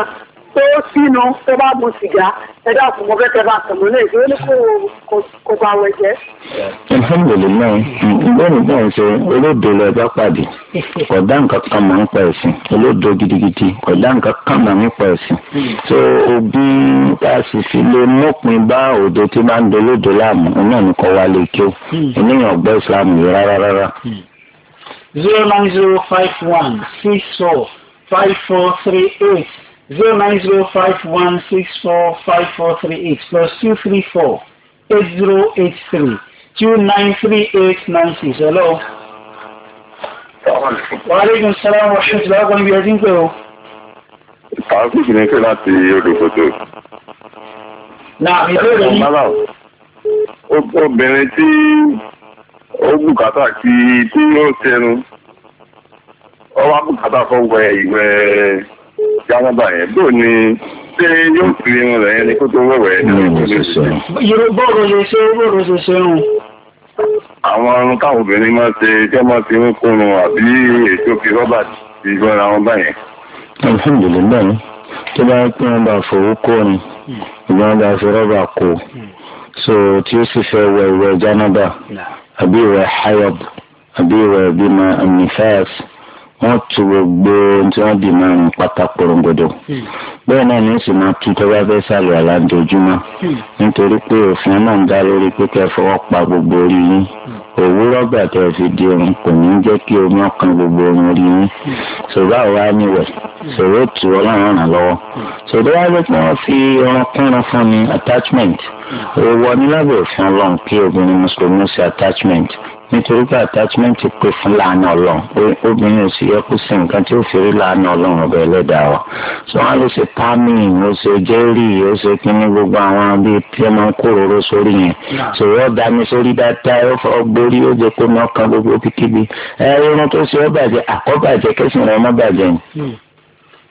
tó sínú tó bá mu sìgá ẹ dákun mo fẹ́ kẹ́ bá sọ̀rọ̀ lẹ́yìn tó ní kó bá wẹ̀ jẹ́. alhamdulilayi ìbéèrè náà ń ṣe olóòdo lọ ẹgbẹ́ pàdé kódà nǹkan kan mọ̀ nípa ẹ̀sìn olóòdo gidigidi kódà nǹkan kan mọ̀ nípa ẹ̀sìn tó òbí tá a sì fi lè mọ́pin bá òdo tí máa ń dolódo láàmú náà ní kọ́ wa lè kí ó ènìyàn ọgbẹ́ ìsìlámù yìí rárá rárá. zero nine zero five one six four five four three eight zero nine zero five one six four five four three eight plus two three four eight zero eight three two nine three eight nine six hello. waaleykum salaam wa rahmatulah ọkọ níbi ẹtí ń pè o. àwọn kìí ní kí láti olùkóso. náà ìbéèrè yìí. obìnrin tí ó bùkátà kí tí yóò ṣẹnu ó wá bùkátà fọwọ́ ìwẹ̀. jábábà ya ni àwọn káwọn obìnrin máa ṣe jẹ́ máa ń àbí rọ́bà ti báyẹn. alhamdulilayi tó ọba ni ìgbọ́n fi rọ́bà so tí ó sì fẹ́ ìwẹ̀ jánábà àbí ìwẹ̀ hayab àbí ìwẹ̀ bímọ àmì wọ́n tu gbogbo tí wọ́n dì máa ń pátá porongodo hmm. bẹ́ẹ̀ náà ní sì máa tu tó bá fẹ́ sàlù àlàndójúmọ́ hmm. nítorí pé òfin náà ń dá lórí pé kẹ́ fọwọ́ pa gbogbo orí yín hmm. òwúrọ̀ gbà tẹ́ ẹ fi di irun kò ní jẹ́ kí omi ọkàn gbogbo irun rí yín ṣòro àwa níwẹ̀ ṣòro tù ọ́ láwọn ràn lọ́wọ́ ṣòro wá ló pé fi irun kúnra fún ni attachment èèwọ̀ ní lábẹ́ òfin ọlọ́run kí obìnrin mùsùlùmí ṣe attachment nítorí pé attachment pè fún làánà ọlọ́run pé obìnrin ò sì yẹ kó sí nǹkan tí ó fi rí làánà ọlọ́run ọbẹ̀ ẹlẹ́dàá wa So wọn lè ṣe palming ó ṣe jẹ́rì ó ṣe kínní gbogbo àwọn bíi tí ẹ máa ń kóróró sórí yẹn sọ wọ́n dá sórí dáadáa ó fọ́ gbórí ó jẹ kó náà kan gbogbo kíkíbi ẹ irun tó ṣe ó bàjẹ́ àkọ́bàjẹ́ kẹ́sìn rẹ̀ má bàjẹ́ ni. Hmm.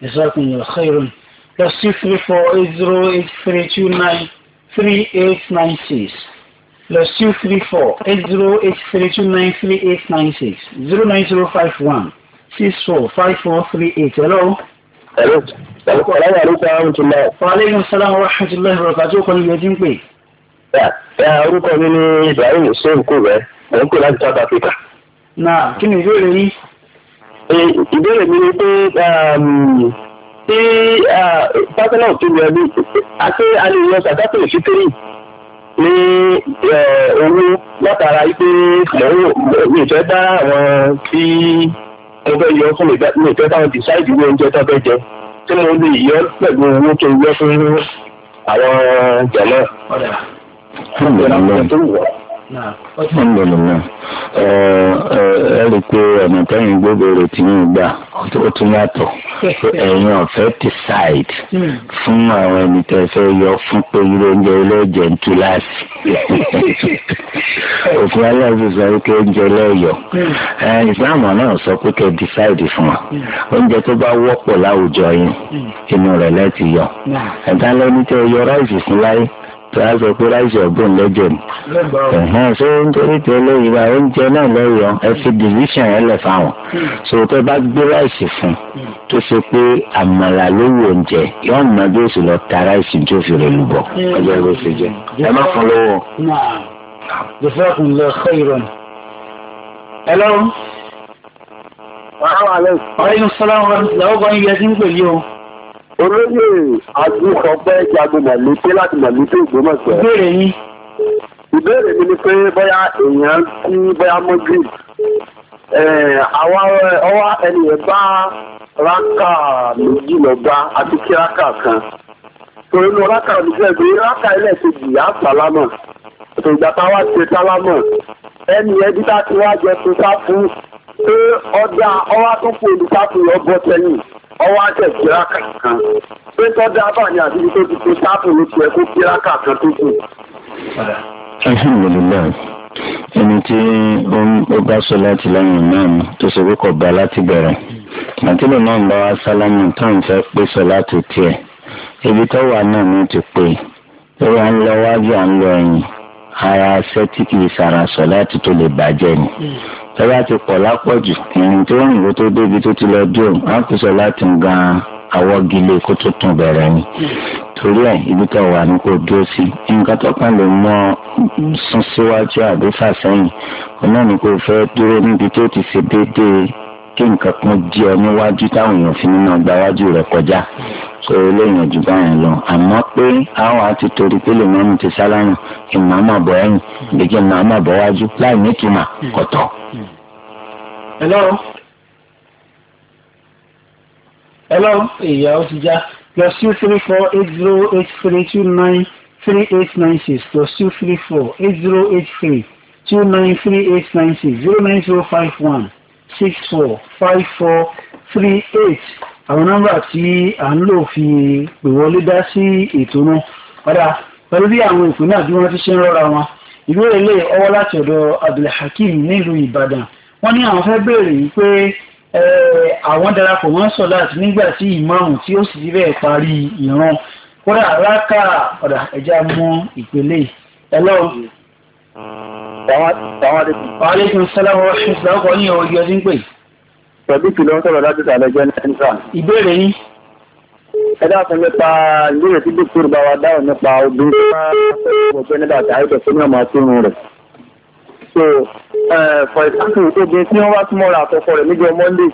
jazakumullahu khairan plus two three four eight zero eight three two nine three eight nine six plus two three four eight zero eight three two nine three eight nine six zero nine zero five one six four five four three eight. hello. hello. salaamu aleykum wa rahmatulah. wa aleykum salaam wa rahmatulah ibrahima kò ní yẹtí ń pè. ya orúkọ mi ni ibrahim hussein kò bẹ mò ń pè láti south africa. na kí ni ìbéèrè yìí. Eh, ìbéèrè mi ni pé tí pásítọ̀ tó yẹ bí àti alẹ́ ìyọ̀ sàtàkùn ìfitiri ní owó látara pé mi fẹ́ bá àwọn tí mo fẹ́ yọ fún mi fẹ́ bá wọn decide ìwé oúnjẹ tó fẹ́ jẹ tí mo lè yọ pẹ̀lú owó tó yọ fún àwọn jẹ̀mọ́ alhamdulilayi ẹ rí i pé ọ̀nà tẹ́yìn gbóbèrè tí yín gbà ó tún yàtọ̀ ẹ̀yin ọ̀fẹ́ ti ṣáìd fún àwọn ẹni tẹ́ fẹ́ yọ fún pé ilé oúnjẹ ẹlẹ́jẹ̀ ń tú láti òfin aláàbò sọ pé oúnjẹ ẹlẹ́yọ̀ ìsìláàmù hmm. náà sọ pé kẹ́ decide fún wa hmm. oúnjẹ tó bá wọ́pọ̀ láwùjọ yín hmm. inú rẹ̀ lẹ́ẹ̀tì yọ ẹ̀dá lẹ́ni tẹ́ yọ ráìsì fún láyé tí a sọ pé láìsí ọgbọ́n lẹ́jọ́ ni. ẹ̀hán ṣé nítorí tí olóyè wa oúnjẹ náà lẹ́yọ ẹ fi division ẹ lẹ̀ fáwọn. sòtẹ́ bá gbé láìsí fún tó ṣe pé àmàlà ló wù oúnjẹ yóò mọ bí o sì lọ ta láìsí tó fi rẹ̀ lùbọ̀. ọjọ́ ìwé ṣe jẹ ẹ má fún lówó. Hello. Wàhálà lẹ́yìn. Ọ̀rẹ́ yóò sọ́lá wọn lọ́wọ́ gan-an yẹ olóyè adúsọpẹ́ jagun màlúté láti màlúté Ògbómọ̀ṣọ́. ìbéèrè yín. ìbéèrè mi ni pé bóyá èèyàn tí bóyá mọ́gì àwa ọwọ́ ẹnìyẹn bá rákà méjì lọ́gbà àti kíráka kan torí inú rákà méjì ẹgbẹ́ rákà ẹlẹ́ẹ̀kejì á sálámà ètò ìgbà táwa ṣe sálámà ẹnìyẹn bí tá a ti wá jẹ fún sáfù pé ọjà ọwọ́ àtúnfò olùsáfù yọ sẹ́yìn ọwọ́ àjẹ́ kíráka kan pé tó dábà ní àti ibi tó ti tó sáàpù ní tiẹ̀ kó kíráka kan tó kù. alhamdulilayi ẹni tí ó bá sọ láti lẹ́yìn náà tó ṣe pé kò bá láti bẹ̀rẹ̀ àti lè máa ń bá wa sálámù táwọn fẹ́ pé sọ láti tiẹ̀ ibi tó wà náà ni ti pè é wọ́n ń lọ wájú à ń lọ ẹ̀yìn ara aṣẹ́ tí kì í sara sọ láti tó lè bàjẹ́ ni tọ́lá ti pọ̀ lápọ̀jù ìrìn tó rìn kó tó débi tó ti lọ dé á kó sọ láti gan awọ́gilé kó tó tún bẹ̀rẹ̀ ni torí ẹ̀ ibi tó wà ní kó dúró sí nǹkan tó kàn lè mọ sún síwájú àbí fà sẹ́yìn ọ̀nà ni kò fẹ́ dúró níbi tó ti ṣe déédéé kí nǹkan kan jẹ́ ọ níwájú táwọn èèyàn fi nínú ọgbà wájú rẹ̀ kọjá so eléyìí ò jù báyìí lọ àmọ́ pé àwọn àti torí pé lè mọ́mú ti sálámù kí màmá bọ̀ ẹ̀yìn bí kí màmá bọ̀ wájú láì nítumà kọ̀tọ̀. hello hello ìyá ó ti já plus two three four eight zero eight three two nine three eight nine six plus two three four eight zero eight three two nine three eight nine six zero nine zero five one six four five four three eight àwọn nọ́mbà tí à ń lò fi pè wọlé dá sí ètò náà padà pẹ̀lú bí àwọn ìpín náà bí wọ́n ti ṣe ń rọra wọn ìbéèrè lè ọwọ́ láti ọ̀dọ̀ Abdulhakeem nílùú Ìbàdàn wọ́n ní àwọn fẹ́ béèrè wípé àwọn darapọ̀ mọ́ sọ̀láàt nígbà tí ìmáàmù tí ó sì bẹ́ẹ̀ parí ìran kódà rákà ọ̀dà ẹja mọ́ ìpele ẹ̀lọ́. Àwọn àdékùn sálámù ọ̀ṣun ìgbà ní ọ̀yọ́ ọdún pè é pẹ̀lú ìfìlọ́ sọ̀rọ̀ láti ìsàlẹ̀ jẹ́ nẹ́ńtà. ìbéèrè yín. ẹ dákun nípa ìbéèrè tí dókítà bá wa dáhùn nípa obìnrin tó máa ń pẹ̀lú ọgbẹ́ nígbà tí àìsàn tó ní ọmọ àtúnú rẹ̀. so for example obìnrin tí wọ́n wá tún mọ́ra àkọ́kọ́ rẹ̀ níjọ́ monday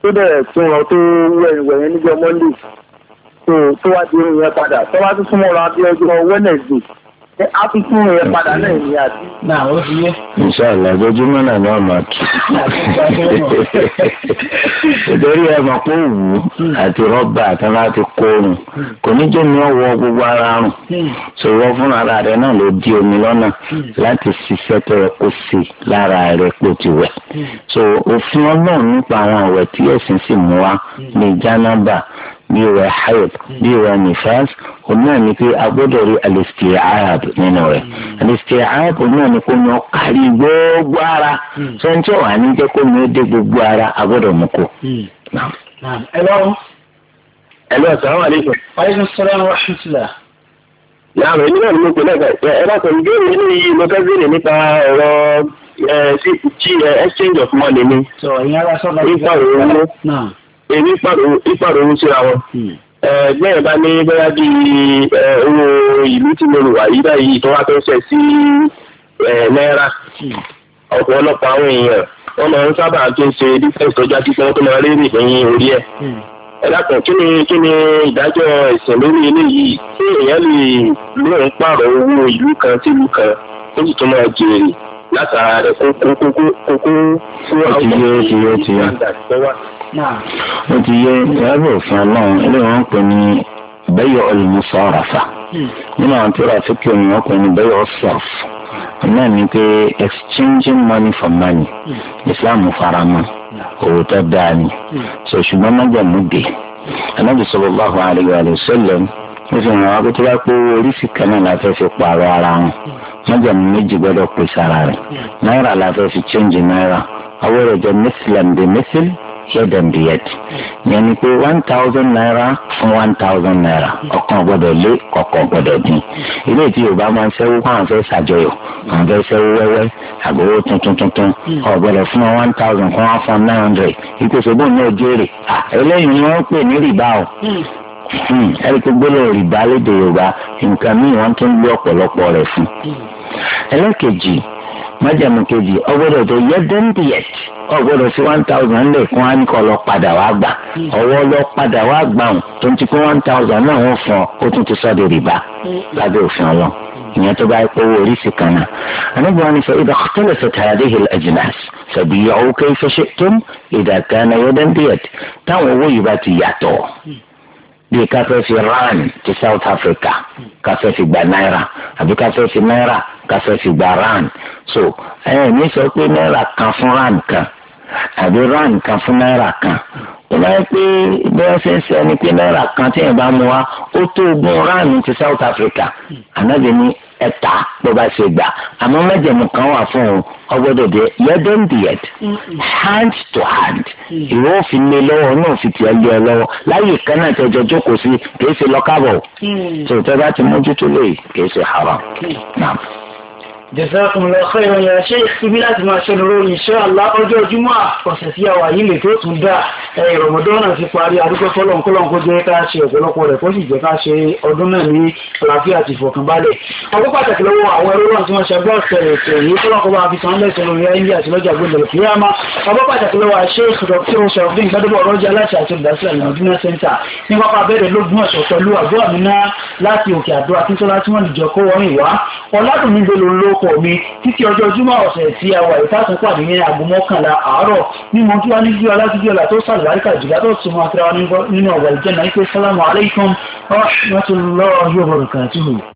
tó dẹ̀ tún rọ tó wẹ̀yìnwẹ̀yìn níjọ́ monday tó wá di irun yẹn padà tó wá tún súnmọ́ra bí ọjọ́ wednesday a tún fún ẹ padà náà ní àti. náà ó fi yé. ìṣàlẹ̀ ojoojúmọ́ náà ni wọ́n máa kí. nítorí ẹ mọ̀ pé òwú àti rọ́bà àti máa ti kò ní jẹ́ ní ọwọ́ gbogbo ara rùn ṣòro fún ara rẹ náà ló di omi lọ́nà láti ṣiṣẹ́ tó yẹ kó ṣe lára rẹ pé ti wẹ̀. so òfin ọlọ́run nípa àwọn ọ̀wẹ̀ tí ẹ̀sìn sì mú wa ní jánábà bí ìwẹ̀ hayd bí ìwẹ̀ nifas òun náà ni pé a gbọ́dọ̀ rí alistiaab nínú rẹ̀ alistiaab náà ni kó ní ọ kárí gbogbo ara tó ń tẹ̀wá ní jẹ́ kó ní ó dé gbogbo ara a gbọ́dọ̀ mú kó. ẹ̀lọ́ sàlámù aleykum. aleykum salaam wa rahmatulah. yàrá èmi náà ni mo pè lẹ́ka ẹ bá sọ ìbéèrè nínú yìí mo fẹ́ nípa ọ̀rọ̀ exchange of money mi. sọ ìyára sọ́dọ̀ nípa òun mú èmi ìpàdánù síra wọn. bẹ́ẹ̀ bá ní bóyá bí owó ìlú tí mo wà yí báyìí tó wá tó ń ṣẹ̀ sí náírà ọ̀pọ̀lọpọ̀ àwọn èèyàn wọ́n máa ń sábà tó ń ṣe dífẹ́ǹsì tọ́jú àti sọ́wọ́n tó máa rí nìyẹn orí ẹ̀. ẹ dákun kí ni kí ni ìdájọ́ ẹ̀sìn lórí eléyìí tí èèyàn lè lóun pààrọ̀ owó ìlú kan sí ìlú kan tó sì tún máa jèrè látara rẹ̀ kókó kókó kókó fún àwọn ọmọ ìlú ìgbà tó wà ó ti yẹ ìyáàbò òfin ọlọ́run eléyìí wọ́n ń pè ní bẹ́yọ̀ olùmúsọ̀ràfà hmm. nínú àwọn tí ó rà fíkì omi wọ́n pè ní bẹ́yọ̀ sọ̀f náà ni pé exchanging money for money hmm. Islam faramọ́ owó tó dáa ni hmm. so ṣùgbọ́n májàmú dé anábì sallallahu alayhi wa sallam ó fi hàn wá pé tó bá pé owó oríṣi kan náà la fẹ́ fi pààrọ̀ ara wọn májàmú méjì gbọ́dọ̀ pèsè ara rẹ̀ náírà la fẹ́ fi change náírà awọ́rọ̀ jẹ́ mẹ́sìlẹ̀ ń bẹ mẹ́sìlẹ̀ yẹ̀dẹ̀mbìyẹ̀tì yẹn ni pé one thousand naira fún one thousand naira ọ̀kan gbọ́dọ̀ lé kọ̀ọ̀kan gbọ́dọ̀ dín ilé tí yorùbá máa ń sẹ́wó kó àwọn fẹ́ ṣàjọyọ̀ àwọn fẹ́ sẹ́wó wẹ́wẹ́ àgbowó tuntun tuntun ọ̀gbọ́dọ̀ fún wọn one thousand kó wọn fún nine hundred ìkòsóbó náà jèrè eléyìí ni wọ́n pè ní rìbá o ẹni tó gbọ́dọ̀ rìbá lédè yorùbá nǹkan míì wọ́n tún gbé ọ̀pọ̀lọpọ̀ rẹ̀ fún ẹlẹ́kejì májàmú kejì ọgbọ́dọ̀ tó yẹ dẹ́ńtì yẹ ọgbọ́dọ̀ sí one thousand lè kún ánkọ lọ padà wá gbà ọwọ́ lọ padà wá gbà ọ̀hún tó ń ti pé one thousand náà wọ́n fún ọ ó tún ti sọ́ di rìbá lábẹ́ òfin ọlọ́run ìyẹn tó bá pé owó oríṣi kan náà anábì wọn ni sọ ìdá kọtẹlẹ sọtà àdéhìí ajínàs sọbi ìyàwó kẹfẹsẹ tó ìdàkànnà yẹ dẹ́ńtì yẹ táwọn owó yìí bá ti yàtọ̀ bíi ká fẹ́ fi rand ti South Africa ká fẹ́ fi gba náírà àbí ká fẹ́ fi náírà ká fẹ́ fi gba rand so ẹ ní sọ pé náírà kan fún rand kan àbí rand kan fún náírà kan ó máa ń pé bí wọ́n ṣe ń sọ pé náírà kan tí yẹn bá mú wa ó tó ogún rand ti South Africa ànábì ní ẹ̀ta bó bá ṣe gbà àmọ́ májẹ̀mú kan wà fún un ọgbọ́dọ̀ dé yẹ́dọ́ndìyẹ́d hand to hand mm. ìwọ òfin lé lọ́wọ́ náà fi tiẹ̀ lé ọ lọ́wọ́ láyé kan náà tẹ̀jọ́ jókòó sí kìí ṣe lọ́kàbọ̀ tó mm. tẹ́ bá ti mójútó lè kìí ṣe haram. Mm. Jazakumullahu khairan ya Sheikh síbí láti máa ṣe lórí insha Allah ọjọ́ Jímọ̀ ọ̀sẹ̀ tí a wà yìí lè tó tún dá ẹ̀yìn Ramadan ti parí àdúgbò fọ́lọ̀nkọ́lọ̀n kó jẹ́ ká ṣe ọ̀pọ̀lọpọ̀ rẹ̀ kó sì jẹ́ ká ṣe ọdún náà ní àlàáfíà àti ìfọ̀kànbalẹ̀. ọdún pàtàkì lọ́wọ́ àwọn ẹrú náà tí wọ́n ṣe gbọ́ sẹ̀rẹ̀ tẹ̀lé kọ́lọ́kọ́ bá fi sanwó lẹ́sẹ̀ lórí ayé àti lọ́jà gbọ́dọ̀ kíyàmá ọdún pàtàkì lọ́wọ́ àṣẹ ìṣòro tí ó ṣọ̀rọ̀ bí ìgbàdúgbò ọ̀rọ̀jà aláṣẹ àti olùdásílẹ̀ ìrìnàjò sẹ́ńtà ní pápá bẹ̀rẹ̀ lógún ọkọ mi títí ọjọ́ júmọ́ ọ̀sẹ̀ tí a wà ìtàkùn pàdé ní aago mọ́kànlá àárọ̀ ní mo tí wá ní bíi ọlátúbí ọ̀là tó sàlùbáríkà jùlá tó sùnmọ́ akẹ́rọ nínú ọ̀gbà ìjẹ́nà ìpè sálámù aláìkùm rahmatullahi wa barakatuhu.